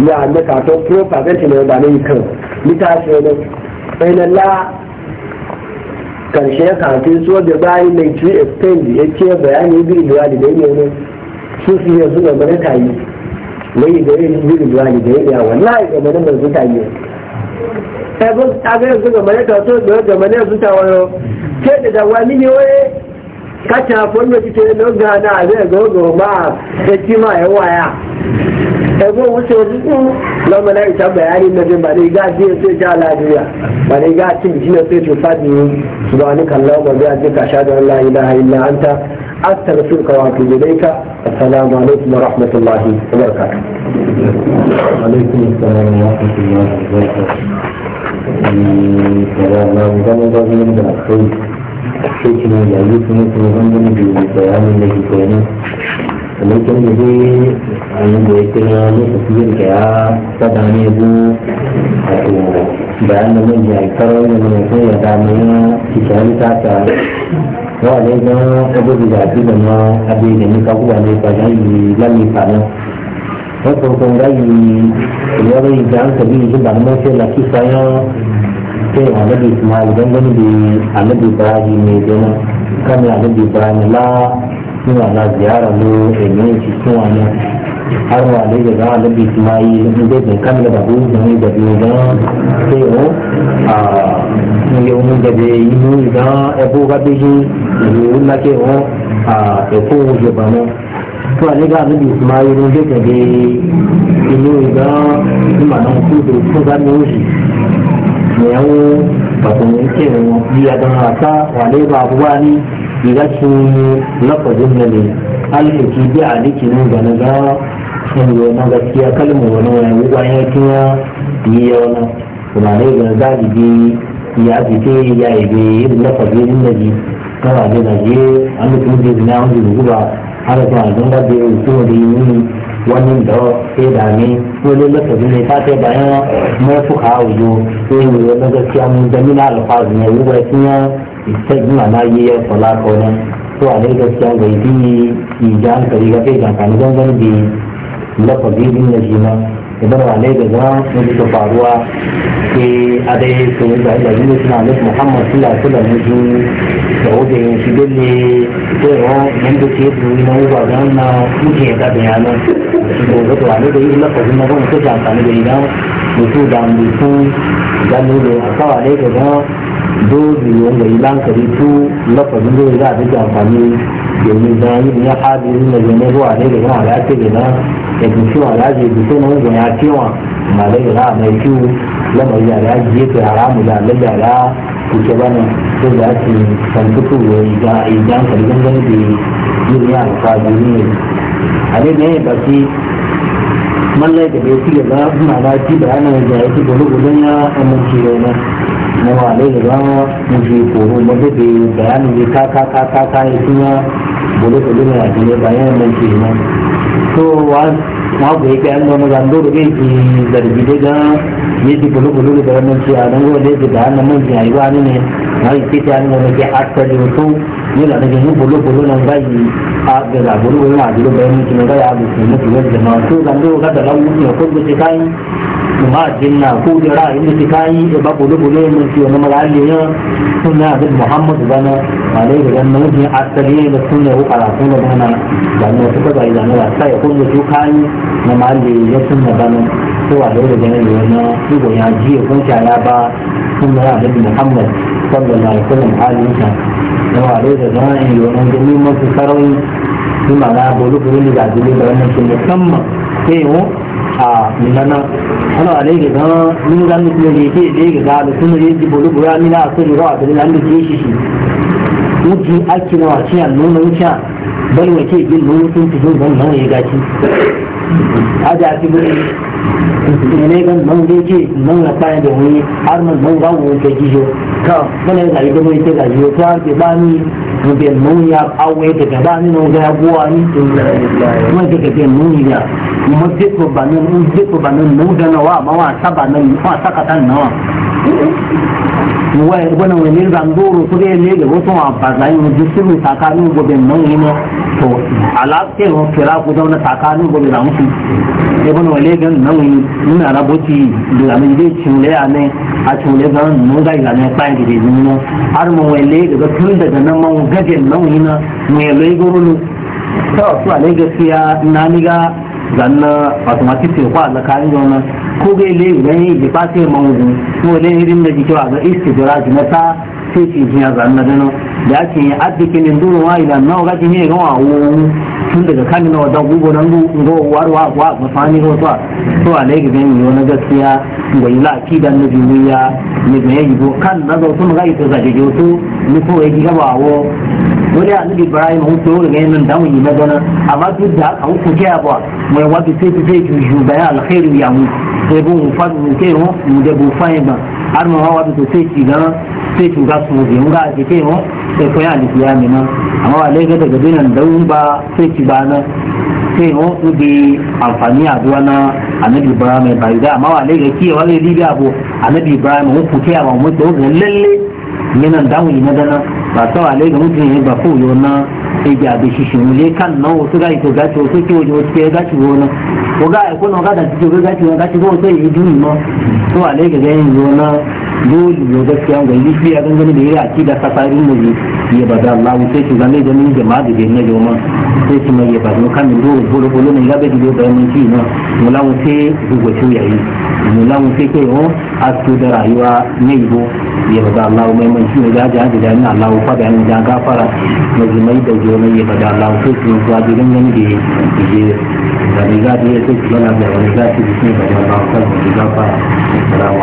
ya ne ka to pro ka ga ti ne da ne kan ni ta shi ne na la karshe ka ti so da bayi mai ci extend yake bayani bi da da ne ne su su yanzu da bare ta yi mai da yin bi da da ya wallahi ga mun da zuta yi ẹgbẹ́ agbẹ́rẹ́ tó gbẹ̀mọ̀lẹ́ tó tó gbẹ̀rẹ́ gbẹ̀mọ̀lẹ́ tó tàwọn ẹ̀rọ tí èdè dàwà níbi wọ́n yé káàkiri àfọ́n méjì tó lọ ga náà àbẹ́ ẹ̀gbọ́gbọ̀ máa fẹ́tí máa ẹ̀wọ̀ àyà ẹgbẹ́ òun ṣe òtútù lọ́mọdé ìtàgbẹ̀ ayé mẹ́fẹ́ bàdé igá dé tó já aláàdúrà bàdé igá tí ìjìnà tó ni fàdí ṣùgbọ́n àníkàlọ́ ọgbọ̀gbẹ́ àti kàṣádọ́ ńlá ilá ilá anta أستغفرك وأتوب إليك السلام عليكم ورحمة الله وبركاته. وعليكم السلام ورحمة الله وبركاته. كلام رمضان من الخير حكمة يعيش مثل رمضان بالبيان الذي كان ولكن به عند اهتمام كثير كعاب طبعا يبو بأن من يعترض من يكون يدعمنا في كلام تاتا وعلينا أبو بجاتي لما أبي جميل أبو عليه فجأة لم يفعله wọ́n kò tó ń dá yìí ìwọ́rọ̀ ìgbà ń tẹ̀lé ìjọ ìbànúmọ́sẹ́ làkì sáyọ́ tẹ̀ àlẹ́bí ìsìmáàlì gbọ́ngbọ́n níbi àlẹ́bí ìbára yìí ní ẹgbẹ́ náà kámi àlẹ́bí ìbára ni lá nínú àlá ziyara ló èmi ti fún wa náà arwa àlẹ́bí ìbára àlẹ́bí ìsìmáàlì nígbẹ̀gbẹ̀ kámi lọ́ba bó ń gbọ́n ìgbẹ̀bí ìgbọ́n tẹ̀ ọ́ níye ohun gbẹ̀gbẹ̀ inú ìgbọ́n ẹ̀kọ́ òjò tó àlégà níbi ìsúnmọ́ irun gẹ́gẹ́ inú ìgbà ìmọ̀nà kúndò tó bá ní òṣì ìyàwó pàtàkì kẹrin wọn bí adára àká wà lébà àbúgbà ní ìdáṣu lọ́pọ̀dé mẹ́lẹ̀ alìkèkì bí àdékì ní ìgbàlódé ẹnìyẹn náà gaskiya kalmar wani wani wuwa ya kiya yi yawana kuma ne ga zaɓi ya fite ya ibe yin lafafi yin nabi tọ́wọ́ àgbẹ̀dàgbé alùpùpù ní àwọn ìlúgbà alùpùpù àgbẹ̀dàgbé ìtòrí nínú wọn ní ìdọ́ ẹ̀dà ní wọlé lọ́sọ̀tún ní káfẹ́ báyọ̀ mọ́fùkà òjò ewu ọlọ́gọ́ tí a mú jẹ́mí náà lọ́pàá àgbẹ̀yẹ̀ wúwẹ́ tí wọ́n ìtẹ́gùn àmáyé ẹ̀sọ̀ lákọ̀ọ́ náà tó àlejò tí a gbé bí ìjà ń tẹ̀lé gẹ́gẹ́ ìjàǹkà ní gbọ́ngàn bíi lọ́pọ̀ bíi bí ń lè jìnnà ibn wale da zama eh, sun da faruwa ke adai sun da da yin suna muhammad sula sula mutu da wuce yin shi dole tsoro yan da ke duni na uba zan na kuke da bayanan da da da yi na ta amfani da idan mutu da mutu da nuna a kawai da zama dozi wanda yi lankari su lafazin zai za a dinga amfani domin da yi ya haɗe yin da zai zuwa ne da yana ya ce gina da kusurwa da ajiye da sai na wanda ya cewa ma da yana mai kyau lamari da ya jiye ta yara mu da lalda da kuke bane sai da ake santuku ya yi da a yi jan karfin da yi ya alfa ne a ne da ya baki mallai da bai fiye ba ma ba ci bayanan da ya ci gani gudun ya amince yana میں آئے گاؤں مجھے مجھے بہن یہ کا بولے بولے بھائی چیزیں تو وہاں بے قیام دور لگے کہ گھر ملے جا یہ جی بولو بھولو کے گھر میں سی آ رہا ہوں جو بہت ہمیں آئی بانے ہیں میں اسی طرح لوگوں کے آٹھ پر دس yana daga yin bolo-bolo nan bai a gaza bolo-bolo na bolo bayan mutum ga ya abu kuma kuma jama so zan do ga da lawu ne ko mutum kai kuma jinna ko da ra'ayi mutum kai ba bolo-bolo ne mutum yana malalle ne sunna da Muhammad bana malai da nan mutum asali ne sunna ko karatu ne bana da ne suka bai da ne sai ko mutum kai na malalle ne sunna bana ko da ne ne ko ya ji ko ya ba sunna da Muhammad sallallahu alaihi wasallam ware da zani domin gani mafi sarari su ma na bolu ni da gajiri da wannan shi musamman sai yi a minana ana ware da zan min zan mutu ne ke da ga da sun yi, ji bolu kuri amina a sun rawa da nan da ke shi shi mutu ake na wace a nuna wuce bal wace bin nuna sun zan nan ya gaci a da ake ne gan man geje man na kai da wani har man man ga wani ke gijo to bana da ido mai ke da jiyo to har ke bani bẹ̀rẹ̀ mú ya awẹ́ gẹ̀gẹ̀ bá nínú ọgbẹ́ ne ní wọ́n gẹ̀gẹ̀ bẹ̀rẹ̀ mú ya mo dẹ́kọ̀ bà ní mo dẹ́kọ̀ bà ní mo dáná wa àmọ́ wọn àtàbà náà wọn àtàkàtà nìyà wọn. wọ́n yẹ gbọ́dọ̀ ko nígbà ń dóorò tó bẹ́ẹ̀ lé lè wọ́n wọn àbàzà yìí ju sílù sàkà ní gbogbo mọ́ yìí náà tó àlàáfíà wọn fẹ́ra kó dáwọn ta ka gbogbo làwọn fi. ẹ e wọn wale gan ni yìí nínú de ti ìlànà chule ane a chule gan nùgbà ìlànà ẹ̀pá ìdìbò ìdìbò mo gajin nauyi na mai laigurulu ta wasu a gaskiya na niga zanna wasu masu teku a zakarin zauna ko gai lai gani da ba sai mangu ko lai irin da jike wa ga istijiraj na ta sai ce jiya zanna dano da ake yi addikin induru wa ila nawa gajin yi gawa wani tun daga kan na wadda gugu nan go warwa wa mafani ho to to alai ga gani wani gaskiya da ila kidan na duniya ne me yi go kan na zo sun ga ito zaje yo to ni ko yi ga ba wo wani a annabi ibrahim hu to ga nan da mun yi magana amma duk da haka ku ke ba mai wata sai ku sai ku ju bayan alkhairu ya mu sai bu mu fa mu ke mu da bu fa ba har ma hawa da sai ki ga sai cuga su mu ga ake ke mu sai koya alifiya mai nan amma wa lai daga dinan daun ba sai ci ba nan sai mu su bi amfani a duwa na annabi ibrahim yi da amma wa lai ga kiyawa zai libi abu annabi ibrahim mu ku kiyawa mu da wani lalle yanan damu yi na dana ba ta wa lai ga mutum ya ba ko yi wannan sai ji abin shi mu lai kan nan wasu ga ito gaci wasu ke waje wasu ke gaci ko ga aiko na ga da gaci gaci ko sai yi duni ma to wa lai ga yayin yi wannan جو لوگ کیا یہ بداللہ جنگ جما دیجیے مولا مولا ان سے ہو آج تو ادھر آئی ہوا نہیں وہ یہ بتا اللہ میں منشی ہو جائے جہاں جائیں اللہ اوپر جہاں گا پڑا مجھے مئی برجوں نے یہ بدا اللہ اسے کیوں کو آج امنگ نہیں دیے یہ زمینا دیا تو بدلا تھا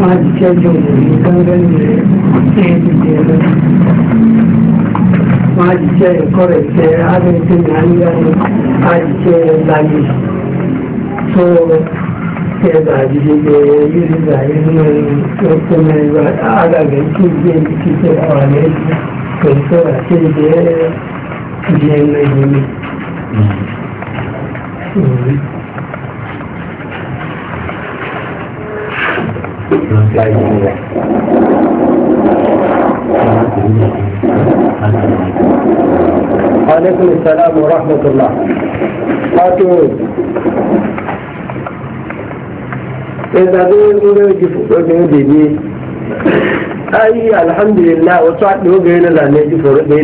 Májíṣẹ́ ìkọ́rẹ̀ṣẹ́ Adẹ́sẹ̀ que Májíṣẹ́ Láyé. So, que àjíjẹ́ Yorùbá inú que mẹ́rin agàgẹ̀ tí ìgbé ìkíkẹ́ àwọn ẹ̀sìn pẹ̀lú sọ́rọ̀ àti ìgbé ìgbé ẹ̀mẹ́ ìgbé. alaikum ayi alhamdulillah wasu haɗe obìnrin na zane ji fòrógbé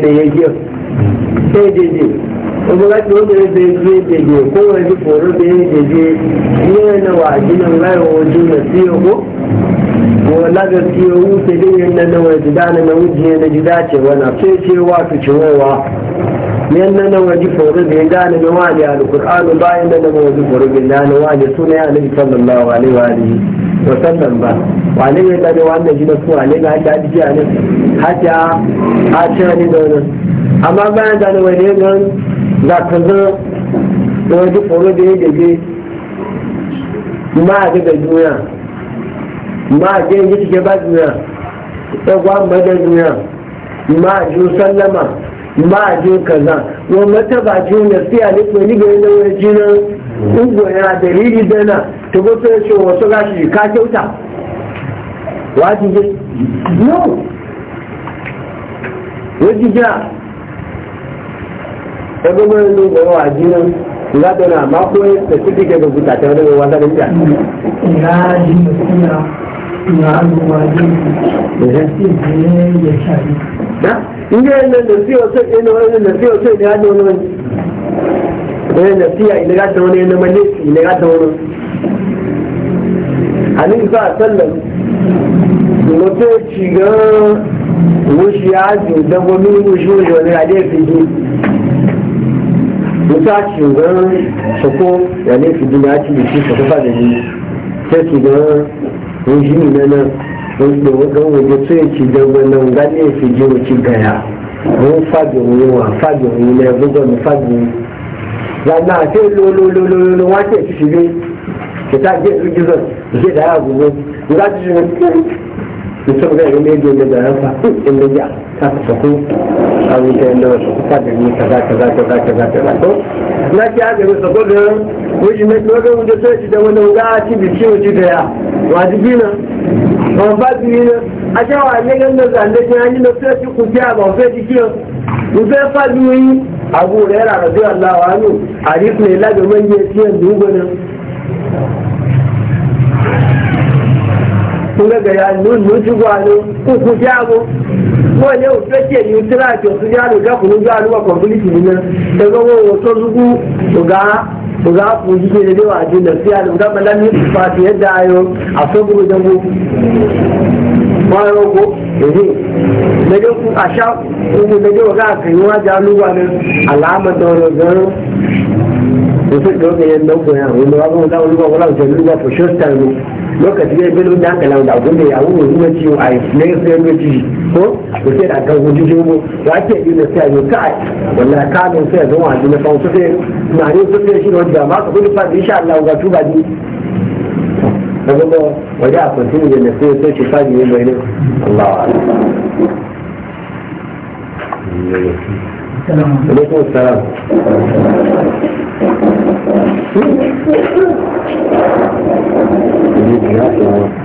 da na na na wala gaskiya wuce dinin nan na wani dana na wujiye na jida ce wana sai ce wa su yan nan na waje faru da ya gane na wani alkur'anu bayan da na waje faru da na wani suna ya nabi sallallahu alaihi wa alihi wa sallam ba wani da gane wannan jina su wani ga haka jiki a nan hajja a ce ne da wani amma bayan da na waje nan za ka zo na waje faru da ya gaje ma a ga duniya ma je yi tike ba duniya ɗagwa da duniya ma ju sallama ma ju kaza wa mata ba ju na siya ne ko ni ga yana wani jina ungo ya dalili dana to ba sai ce wasu gashi ka kyauta wajibi no wajibi ẹgbẹ́ mẹ́rin ló bọ̀wọ́ àjínà ìlàbẹ̀rẹ̀ àmákó ẹ̀ pẹ̀sífíkẹ̀ gbogbo tàtẹ̀wọ́n lẹ́wọ́ wá sáré níjà. ìlà àjínà inda yin nan nasiya sai ɗaya na wani nasiya sai da wani wani wani nasiya ina gata wani yana male ina gata wani hannun za a sallan mutu ci ga wushi ya wushi wushi wani a dai fi ji ci ga ya ne fi ji na ci da shi sa da sai ci ga don shi ne nan don waje tsaye ci don nan gane fi ji wuci gaya don fagin yiwa fagin yi na gugun fagin lana a ce lololololo wace ci shi ne ke ta je su gizon zai da ya gugun za ci shi ne mutum zai ga mejo da da ransa hm, in da ya ta ta ku a wuce da wasu kuka da ni kaza kaza kaza kaza kaza na ki a gaba sako da wuce mai dogon wuce sai ci da wani wuga a ci bi ci wuce da ya wajibi na ban ba bi na a ce wa ne ganin da zan da shi hanyar da sai ci ku fiya ba sai ci kiyo ku sai fa duyi abu da yana rabi Allah wa anu hadis ne la da manyan ciyan dubu sun ga gaya nun nun ci gwano ku ku jago mo ne o fe ke ni tira ke o su jalo ga ku nu jalo wa ko ni na daga wo to zugu to ga ba za ku ji ke da wa ji da siya da ga malam ni fa ta yadda ayo a so guru da mu ma ro ko eh da ga ku a sha ku da ga a kai wa ja ba wa nan alama da wani ga da su ga yin da ko ya wanda ba mu da wani ba wala ce lu ba for short time lokaci ne bilu da aka launa abun da ya wuce ruwa ciwo a yi ne sai ruwa ciki ko ko sai da kan hujjojin mu wa ke yi da sai ka wallahi ka don sai ga wani na fa su sai na ne sun da shi da wanda ma ka gudu fa insha Allah ga tuba ni da kuma waje a kwantin da na sai sai shi ne mai ne Allah alaikum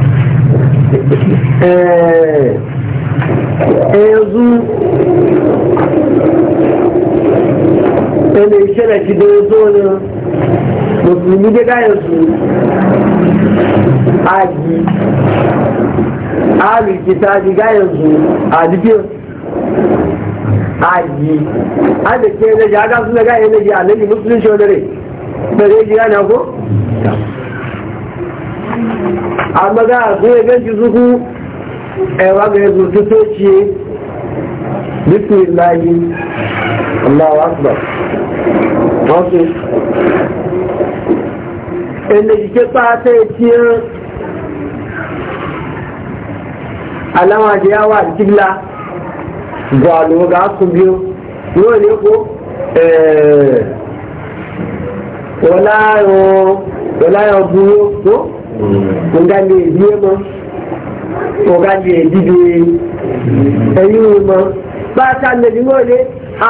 yanzu ɗan ishara shi da zo ne musulmi da su aji alu kitabi kayan su alifiyar aji an da ke na ji aka suna kayan na a nan musulun shi wani rai ba ji gane ko? amma ga a zuwa ganci zuku ewa ga yanzu su soci bismillahi allahu akbar wasu inda jike ba ta yi ciyar alama da yawa a jibla gwalo ga su biyu yóò ní kó wala wọláyọ̀ dúró tó nga le ebie mọ nga le edide ma. Ba pátá lèdi mọ lé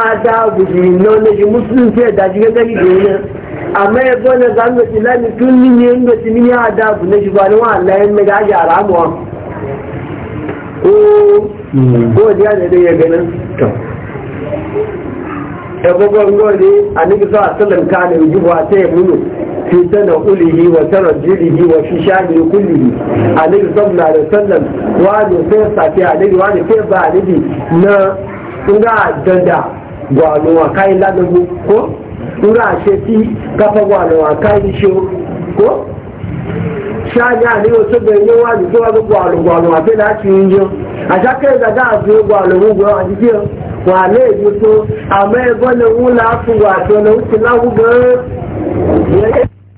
ada gbèsè iná ne mùsùlùmí fi ẹ̀dá jíjẹ́ kẹ́lí dè yẹn ne. ẹgbẹ́ náà ká ń gbèsè lẹ́nu tó ní ní ń gbèsè ní ní ada gbèsè ṣùgbọ́n ni wọ́n àlẹ́ ń mẹ́ta ayé àrà mọ́ ooo bóòdì àtẹ̀dẹ̀ yẹn gẹ́nà ẹ̀fọ́gbọ́n gbọ́dọ̀ àníkísọ́ àtẹ̀lẹ̀ ne àlẹ́ òjúbọ̀ àtẹ̀ múlò. في تنقله وترجله وفي شأنه كله عليه صلى الله عليه وسلم وعلى فيصة في عليه وعلى فيصة عليه نا نقع دندا وعلى وكاين لا نبوكو نقع شتي كفا وعلى وكاين شو كو ṣáájú àníwò tó bẹ̀rẹ̀ ní wájú tó wájú gbàlù gbàlù àti láti yíyan àṣàkẹ́ ìdàgá àti gbàlù gbogbo àti díẹ̀ tó àmọ́ ẹgbọ́n lè wúlà fún wà lè wúti láwùgbọ́n.